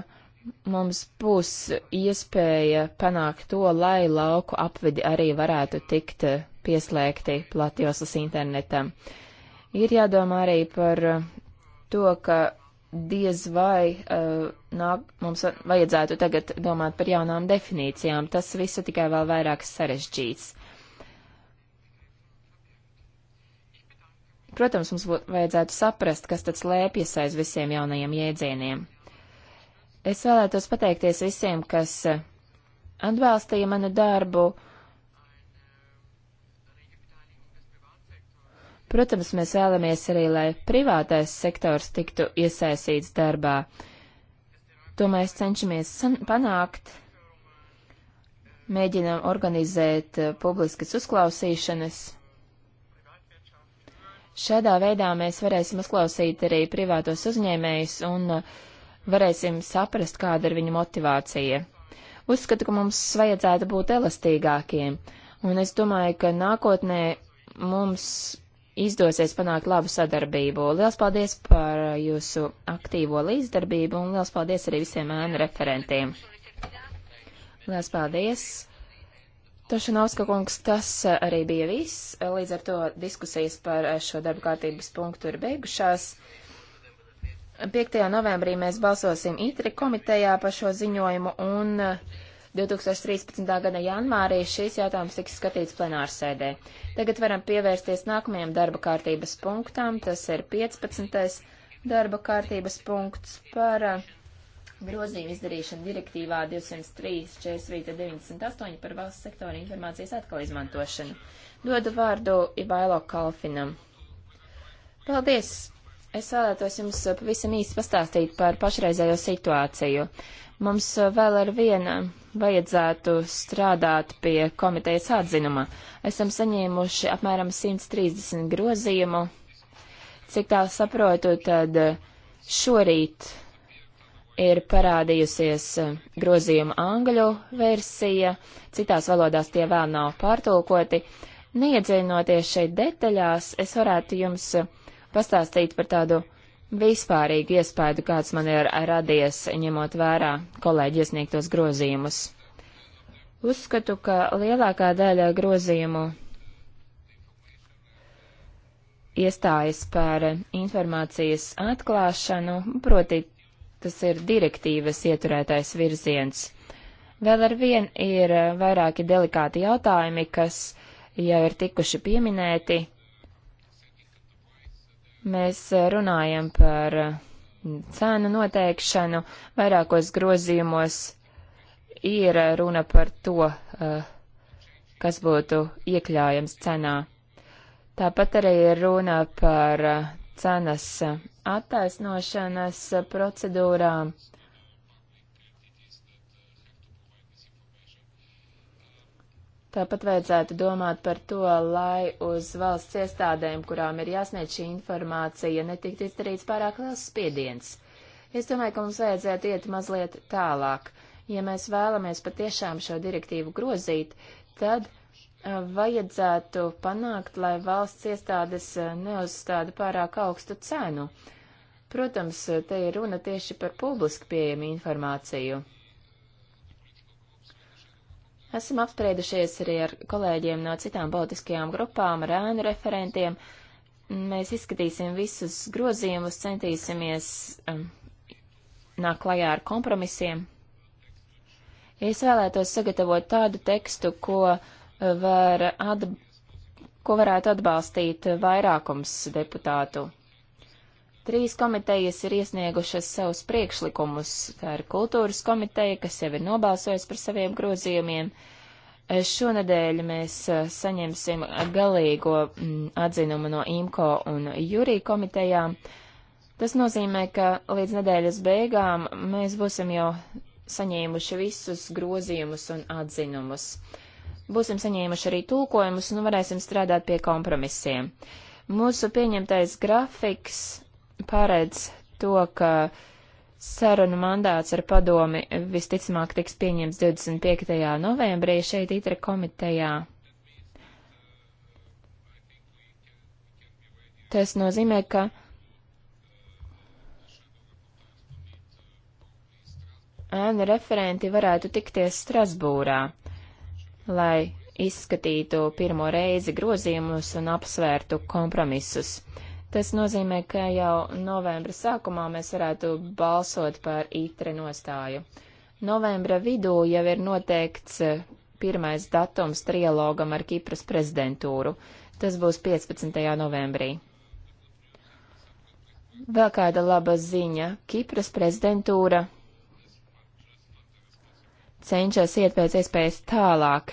mums būs iespēja panākt to, lai lauku apvidi arī varētu tikt eh, pieslēgti platjoslas internetam. Ir jādomā arī par eh, to, ka diez vai uh, nāk, mums vajadzētu tagad domāt par jaunām definīcijām. Tas visu tikai vēl vairāk sarežģīts. Protams, mums vajadzētu saprast, kas tad slēpjas aiz visiem jaunajiem jēdzieniem. Es vēlētos pateikties visiem, kas eh, atbalstīja manu darbu. Protams, mēs vēlamies arī, lai privātais sektors tiktu iesaistīts darbā. To mēs cenšamies panākt. Mēģinām organizēt eh, publiskas uzklausīšanas. Šādā veidā mēs varēsim uzklausīt arī privātos uzņēmējus un uh, varēsim saprast, kāda ir viņu motivācija. Uzskatu, ka mums vajadzētu būt elastīgākiem, un es domāju, ka nākotnē mums izdosies panākt labu sadarbību. Liels paldies par jūsu aktīvo līdzdarbību un liels paldies arī visiem ēnu referentiem. Liels paldies! Tošanovska kungs, tas eh, arī bija viss. Līdz ar to diskusijas par eh, šo darba kārtības punktu ir beigušās. 5. novembrī mēs balsosim ITRI komitejā par šo ziņojumu un 2013. Eh, gada janvārī šīs jautājums tiks skatīts plenārsēdē. Tagad varam pievērsties nākamajam darba kārtības punktam. Tas ir 15. darba kārtības punkts par grozījumu izdarīšanu direktīvā 203.498 par valsts sektora informācijas atkal izmantošanu. Dodu vārdu Ivailo Kalfinam. Paldies! Es vēlētos jums pavisam īsti pastāstīt par pašreizējo situāciju. Mums vēl ar vienu vajadzētu strādāt pie komitejas atzinuma. Esam saņēmuši apmēram 130 grozījumu. Cik tā saprotu, tad šorīt ir parādījusies eh, grozījuma angļu versija, citās valodās tie vēl nav pārtulkoti. Neiedzinoties šeit detaļās, es varētu jums eh, pastāstīt par tādu vispārīgu iespēju, kāds man ir radies, ņemot vērā kolēģi iesniegtos grozījumus. Uzskatu, ka lielākā daļa grozījumu iestājas par informācijas atklāšanu, proti Tas ir direktīvas ieturētais virziens. Vēl ar vien ir eh, vairāki delikāti jautājumi, kas jau ir tikuši pieminēti. Mēs eh, runājam par eh, cēnu noteikšanu, vairākos grozījumos ir runa par to, kas būtu iekļaujams cenā. Tāpat arī ir runa par cenas attaisnošanas procedūrām. Tāpat vajadzētu domāt par to, lai uz valsts iestādēm, kurām ir jāsniedz šī informācija, netikt izdarīts pārāk liels spiediens. Es domāju, ka mums vajadzētu iet mazliet tālāk. Ja mēs vēlamies patiešām šo direktīvu grozīt, tad vajadzētu panākt, lai valsts iestādes eh, neuzstāda pārāk augstu cenu. Protams, te ir runa tieši par publiski pieejamu informāciju. Esam apspriedušies arī ar kolēģiem no citām politiskajām grupām, ar ēnu referentiem. Mēs izskatīsim visus grozījumus, centīsimies um, nāk klajā ar kompromisiem. Es vēlētos sagatavot tādu tekstu, ko uh, var at, ko varētu atbalstīt vairākums deputātu. Trīs komitejas ir iesniegušas savus priekšlikumus. Tā ir kultūras komiteja, kas jau ir nobalsojusi par saviem grozījumiem. Šonadēļ mēs eh, saņemsim galīgo mm, atzinumu no IMCO un Jurī komitejām. Tas nozīmē, ka līdz nedēļas beigām mēs būsim jau saņēmuši visus grozījumus un atzinumus. Uh, būsim saņēmuši arī tulkojumus un varēsim strādāt pie kompromisiem. Mūsu pieņemtais grafiks paredz to, ka sarunu mandāts ar padomi visticamāk tiks pieņemts 25. novembrī šeit ITRE komitejā. Tas nozīmē, ka ēnu referenti varētu tikties Strasbūrā lai izskatītu pirmo reizi grozījumus un apsvērtu kompromisus. Tas nozīmē, ka jau novembra sākumā mēs varētu balsot par itre nostāju. Novembra vidū jau ir noteikts eh, pirmais datums trialogam ar Kipras prezidentūru. Tas būs 15. novembrī. Vēl kāda laba ziņa - Kipras prezidentūra cenšas iet pēc iespējas tālāk.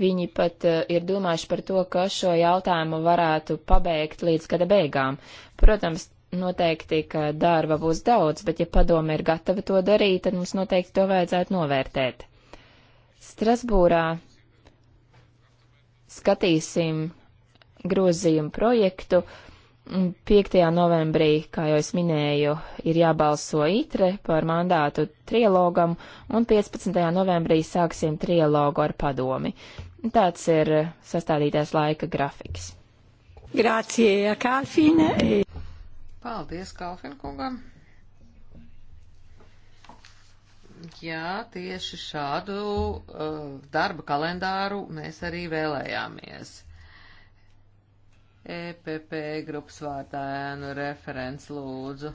Viņi pat eh, ir domājuši par to, ka šo jautājumu varētu pabeigt līdz gada beigām. Protams, noteikti, ka darba būs daudz, bet ja padome ir gatava to darīt, tad mums noteikti to vajadzētu novērtēt. Strasbūrā skatīsim grozījumu projektu, uh, 5. novembrī, kā jau es minēju, ir jābalso ITRE par mandātu trilogam, un 15. novembrī sāksim trilogu ar padomi. Tāds ir sastādītais laika grafiks. Grācie, Kalfine! Paldies, Kalfin kungam! Jā, tieši šādu uh, darba kalendāru mēs arī vēlējāmies. EPP grupas vārtā ēnu referents lūdzu.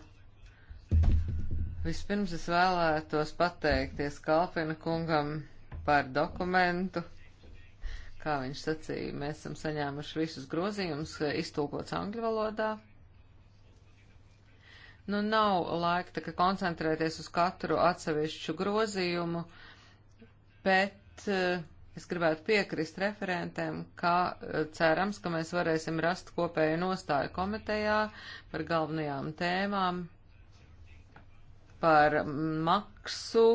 Vispirms es vēlētos pateikties Kalpina kungam par dokumentu. Kā viņš sacīja, mēs esam saņēmuši visus grozījumus, iztūkots angļu valodā. Nu, nav laika tā kā koncentrēties uz katru atsevišķu grozījumu, bet uh, Es gribētu piekrist referentiem, ka eh, cerams, ka mēs varēsim rast kopēju nostāju komitejā par galvenajām tēmām, par maksu,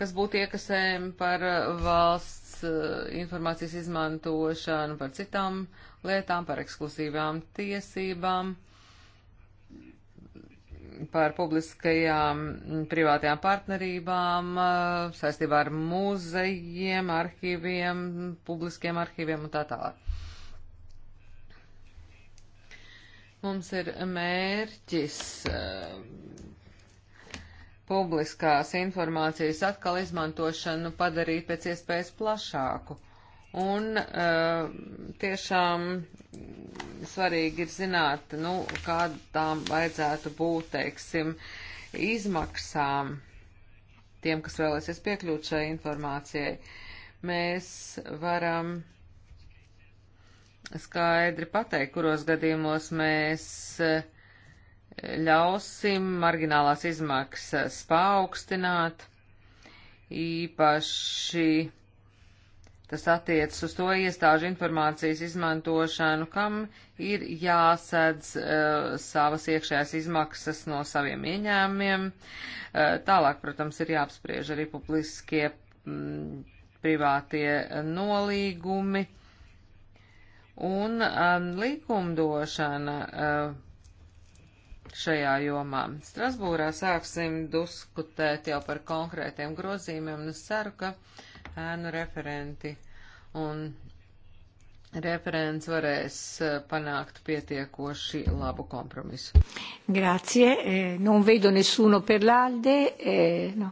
kas būtu iekasējumi par eh, valsts eh, informācijas izmantošanu, par citām lietām, par ekskluzīvām tiesībām par publiskajām mm, privātajām partnerībām eh, saistībā ar muzejiem, arhīviem, publiskiem arhīviem un tā tālāk. Mums ir mērķis eh, publiskās informācijas atkal izmantošanu padarīt pēc iespējas plašāku Un uh, tiešām svarīgi ir zināt, nu, kādām vajadzētu būt, teiksim, izmaksām tiem, kas vēlēsies piekļūt šai informācijai. Mēs varam skaidri pateikt, kuros gadījumos mēs eh, ļausim marginālās izmaksas paaugstināt, īpaši Tas attiecas uz to iestāžu informācijas izmantošanu, kam ir jāsēdz uh, eh, savas iekšējās izmaksas no saviem ieņēmumiem. Uh, tālāk, protams, ir jāapspriež arī publiskie m, mm, privātie nolīgumi un um, likumdošana uh, šajā jomā. Strasbūrā sāksim diskutēt jau par konkrētiem grozījumiem un es ceru, ka uh, ēnu referenti, un referents varēs eh, panākt pietiekoši labu kompromisu. Grazie, eh, non vedo nessuno per l'Alde. Eh, no.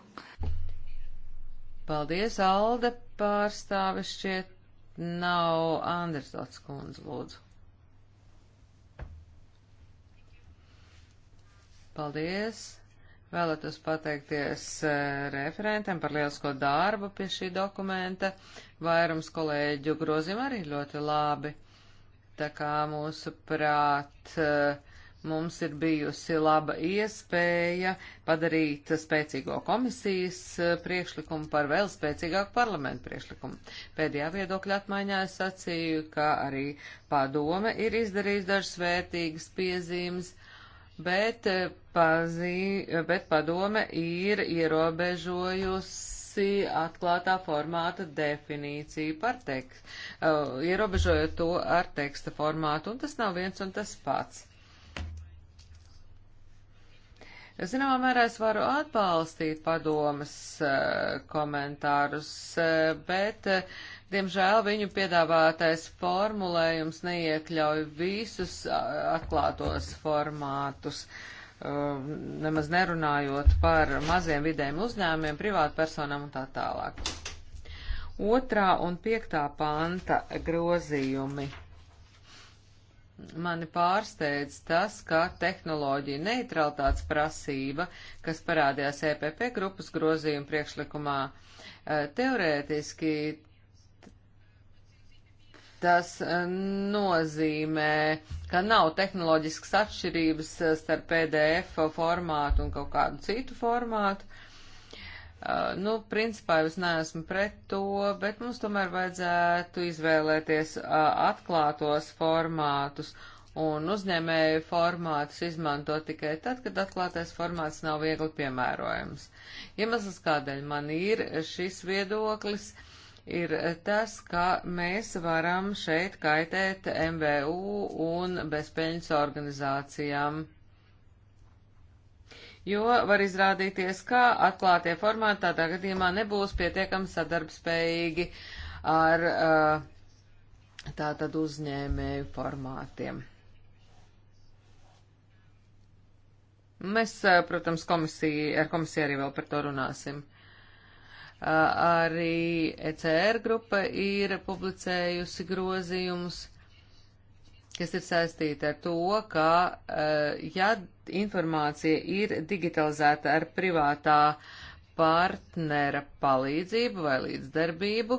Paldies, Alde pārstāvis šķiet nav Andersots kundze, lūdzu. Paldies. Vēlētos pateikties e, referentam par lielisko darbu pie šī dokumenta. Vairums kolēģu grozījumi arī ļoti labi. Tā kā mūsu prāt e, mums ir bijusi laba iespēja padarīt spēcīgo komisijas e, priekšlikumu par vēl spēcīgāku parlamentu priekšlikumu. Pēdējā viedokļa apmaiņā es sacīju, ka arī padome ir izdarījis dažas vērtīgas piezīmes bet, eh, pazī, eh, bet padome ir ierobežojusi atklātā formāta definīciju par tekstu, uh, eh, ierobežojot to ar teksta formātu, un tas nav viens un tas pats. Zināmā mērā es varu atbalstīt padomas uh, komentārus, uh, bet uh, Diemžēl viņu piedāvātais formulējums neiekļauj visus atklātos formātus, um, nemaz nerunājot par maziem vidējiem uzņēmumiem, privātpersonām un tā tālāk. Otrā un piektā panta grozījumi mani pārsteidz tas, ka tehnoloģija neutralitātes prasība, kas parādījās EPP grupas grozījuma priekšlikumā, e, teorētiski Tas eh, nozīmē, ka nav tehnoloģiskas atšķirības eh, starp PDF formātu un kaut kādu citu formātu. Uh, nu, principā es neesmu pret to, bet mums tomēr vajadzētu izvēlēties uh, atklātos formātus un uzņēmēju formātus izmanto tikai tad, kad atklātais formāts nav viegli piemērojams. Iemesls, kādēļ man ir šis viedoklis, uh, ir tas, ka mēs varam šeit kaitēt MVU un bezpeļņas organizācijām. Jo var izrādīties, ka atklātie formāti tādā gadījumā nebūs pietiekami sadarbspējīgi ar uh, tātad uzņēmēju formātiem. Mēs, uh, protams, komisiju, ar komisiju arī vēl par to runāsim. Arī ECR grupa ir publicējusi grozījumus, kas ir saistīti ar to, ka, ja informācija ir digitalizēta ar privātā partnera palīdzību vai līdzdarbību,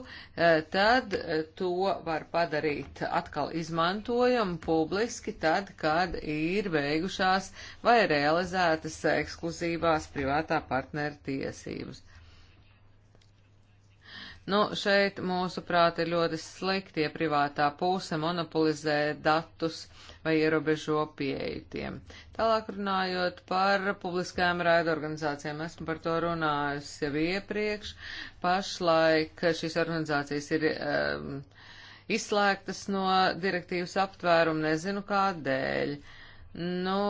tad to var padarīt atkal izmantojumu publiski tad, kad ir beigušās vai realizētas ekskluzīvās privātā partnera tiesības. Nu, šeit mūsuprāt ir ļoti sliktie privātā puse monopolizē datus vai ierobežo pieeju tiem. Tālāk runājot par publiskajām raidorganizācijām, esmu par to runājusi jau iepriekš. Pašlaik šīs organizācijas ir um, izslēgtas no direktīvas aptvērumu, nezinu kādēļ. Nu,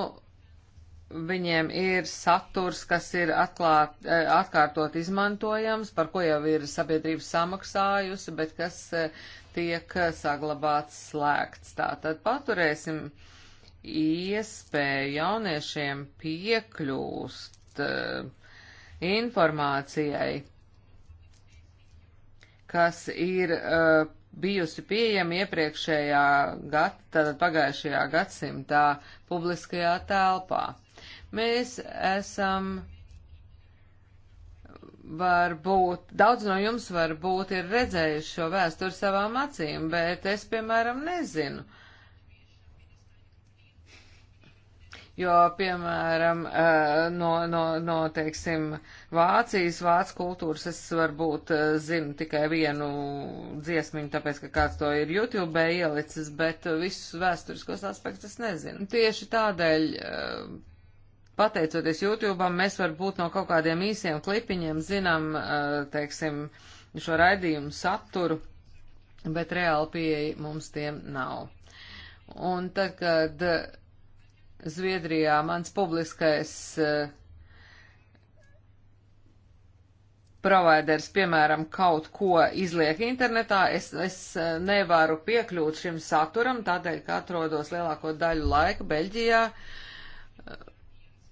viņiem ir saturs, kas ir atklāt, e, atkārtot izmantojams, par ko jau ir sabiedrība samaksājusi, bet kas e, tiek e, saglabāts slēgts. Tātad paturēsim iespēju jauniešiem piekļūst informācijai, kas ir bijusi pieejama iepriekšējā gada, tātad pagājušajā gadsimtā publiskajā telpā. Mēs esam varbūt, daudz no jums varbūt ir redzējuši šo vēsturi savām acīm, bet es, piemēram, nezinu. Jo, piemēram, eh, no, no, no teiksim, Vācijas, vācu kultūras es varbūt eh, zinu tikai vienu dziesmiņu, tāpēc, ka kāds to ir YouTube ielicis, bet visus vēsturiskos aspektus es nezinu. Tieši tādēļ eh, pateicoties YouTube, mēs varbūt no kaut kādiem īsiem klipiņiem zinām, uh, teiksim, šo raidījumu saturu, bet reāli pieeja mums tiem nav. Un tad, kad uh, Zviedrijā mans publiskais uh, providers, piemēram, kaut ko izliek internetā, es, es nevaru piekļūt šim saturam, tādēļ, ka atrodos lielāko daļu laika Beļģijā,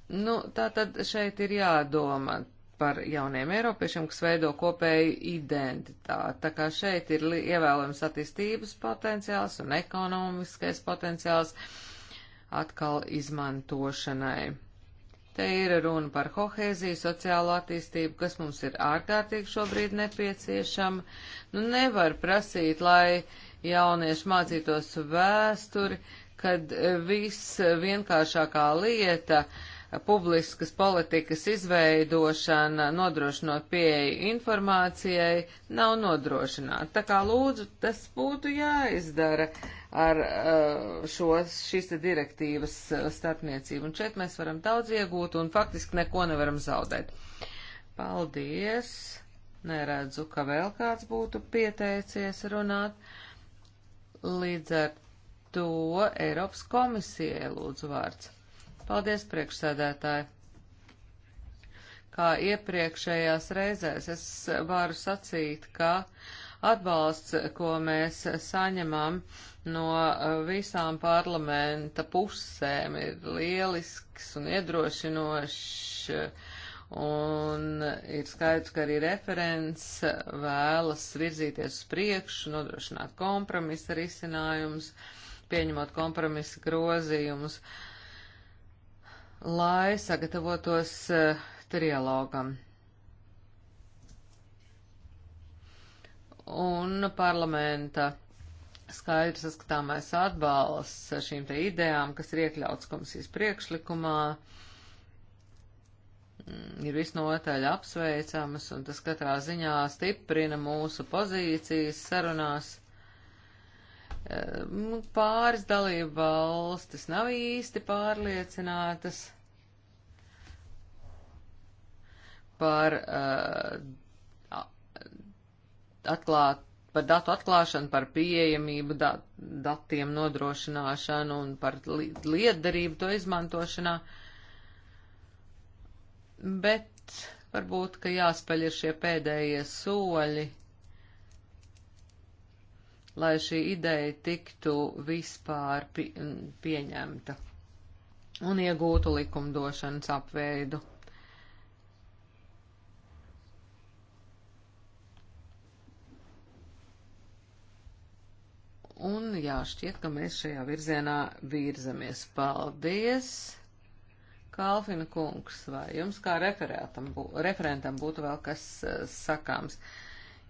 Nu, tā tad šeit ir jādomā par jauniem eiropiešiem, kas veido kopēju identitāti. Tā kā šeit ir ievēlojams attīstības potenciāls un ekonomiskais potenciāls atkal izmantošanai. Te ir runa par kohēziju, sociālo attīstību, kas mums ir ārkārtīgi šobrīd nepieciešama. Nu, nevar prasīt, lai jaunieši mācītos vēsturi, kad viss vienkāršākā lieta uh, publiskas politikas izveidošana, nodrošinot pieeju informācijai, nav nodrošināta. Tā kā lūdzu, tas būtu jāizdara ar uh, šos, šīs direktīvas uh, starpniecību. Un šeit mēs varam daudz iegūt un faktiski neko nevaram zaudēt. Paldies! Neredzu, ka vēl kāds būtu pieteicies runāt. Līdz ar to Eiropas komisijai lūdzu vārds. Paldies, priekšsēdētāji! Kā iepriekšējās reizēs es varu sacīt, ka atbalsts, ko mēs saņemam no visām parlamenta pusēm, ir lielisks un iedrošinošs, un ir skaidrs, ka arī referents vēlas virzīties uz priekšu, nodrošināt kompromisa risinājumus, pieņemot kompromisa grozījumus. Uh, lai sagatavotos uh, trialogam. Un parlamenta skaidrs saskatāmais atbalsts šīm te idejām, kas ir iekļauts komisijas priekšlikumā, mm, ir visnotaļ apsveicamas, un tas katrā ziņā stiprina mūsu pozīcijas sarunās Ehm, nu, pāris dalību valstis nav īsti pārliecinātas par uh, atklāt, par datu atklāšanu, par pieejamību dat, datiem nodrošināšanu un par li, lietdarību to izmantošanā. Bet varbūt, ka jāspēļ ir šie pēdējie soļi lai šī ideja tiktu vispār pieņemta un iegūtu likumdošanas apveidu. Un jā, šķiet, ka mēs šajā virzienā virzamies. Paldies! Kalfina kungs, vai jums kā referentam, bū, referentam būtu vēl kas eh, sakāms? Uh,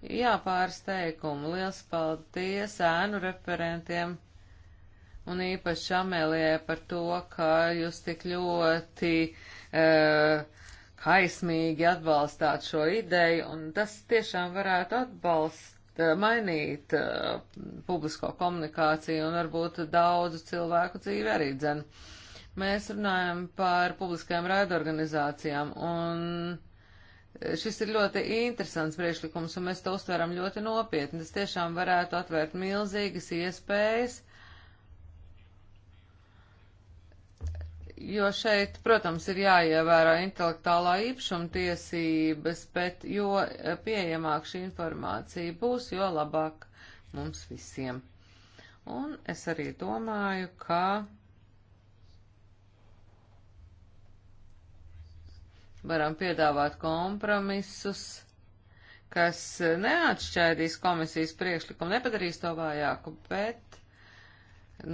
Jā, pāris teikumu. Liels paldies ēnu referentiem un īpaši Amelijai par to, ka jūs tik ļoti uh, kaismīgi atbalstāt šo ideju, un tas tiešām varētu atbalst uh, mainīt uh, publisko komunikāciju un varbūt daudzu cilvēku dzīvi arī dzen. Mēs runājam par publiskajām raidorganizācijām, un Šis ir ļoti interesants priekšlikums, un mēs to uztveram ļoti nopietni. Tas tiešām varētu atvērt milzīgas iespējas, jo šeit, protams, ir jāievēro intelektuālā īpašuma tiesības, bet jo pieejamāk šī informācija būs, jo labāk mums visiem. Un es arī domāju, ka varam piedāvāt kompromisus, kas neatšķaidīs komisijas priekšlikumu, nepadarīs to vājāku, bet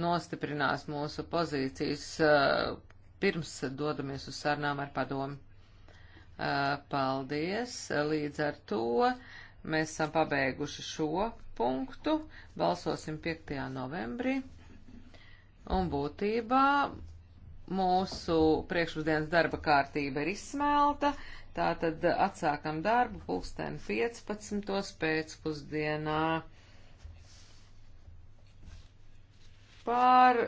nostiprinās mūsu pozīcijas eh, pirms dodamies uz sarunām ar padomu. Eh, paldies! Līdz ar to mēs esam pabeiguši šo punktu. Balsosim 5. novembrī. Un būtībā Mūsu priekšpusdienas darba kārtība ir izsmelta, tātad atsākam darbu pulksten 15. pēcpusdienā. Par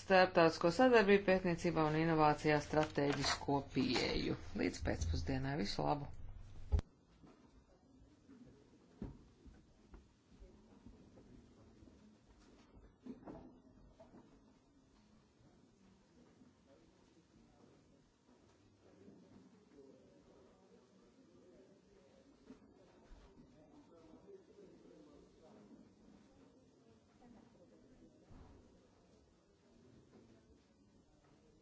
starptautisko sadarbību pētniecībā un inovācijā stratēģisko pieeju. Līdz pēcpusdienai visu labu!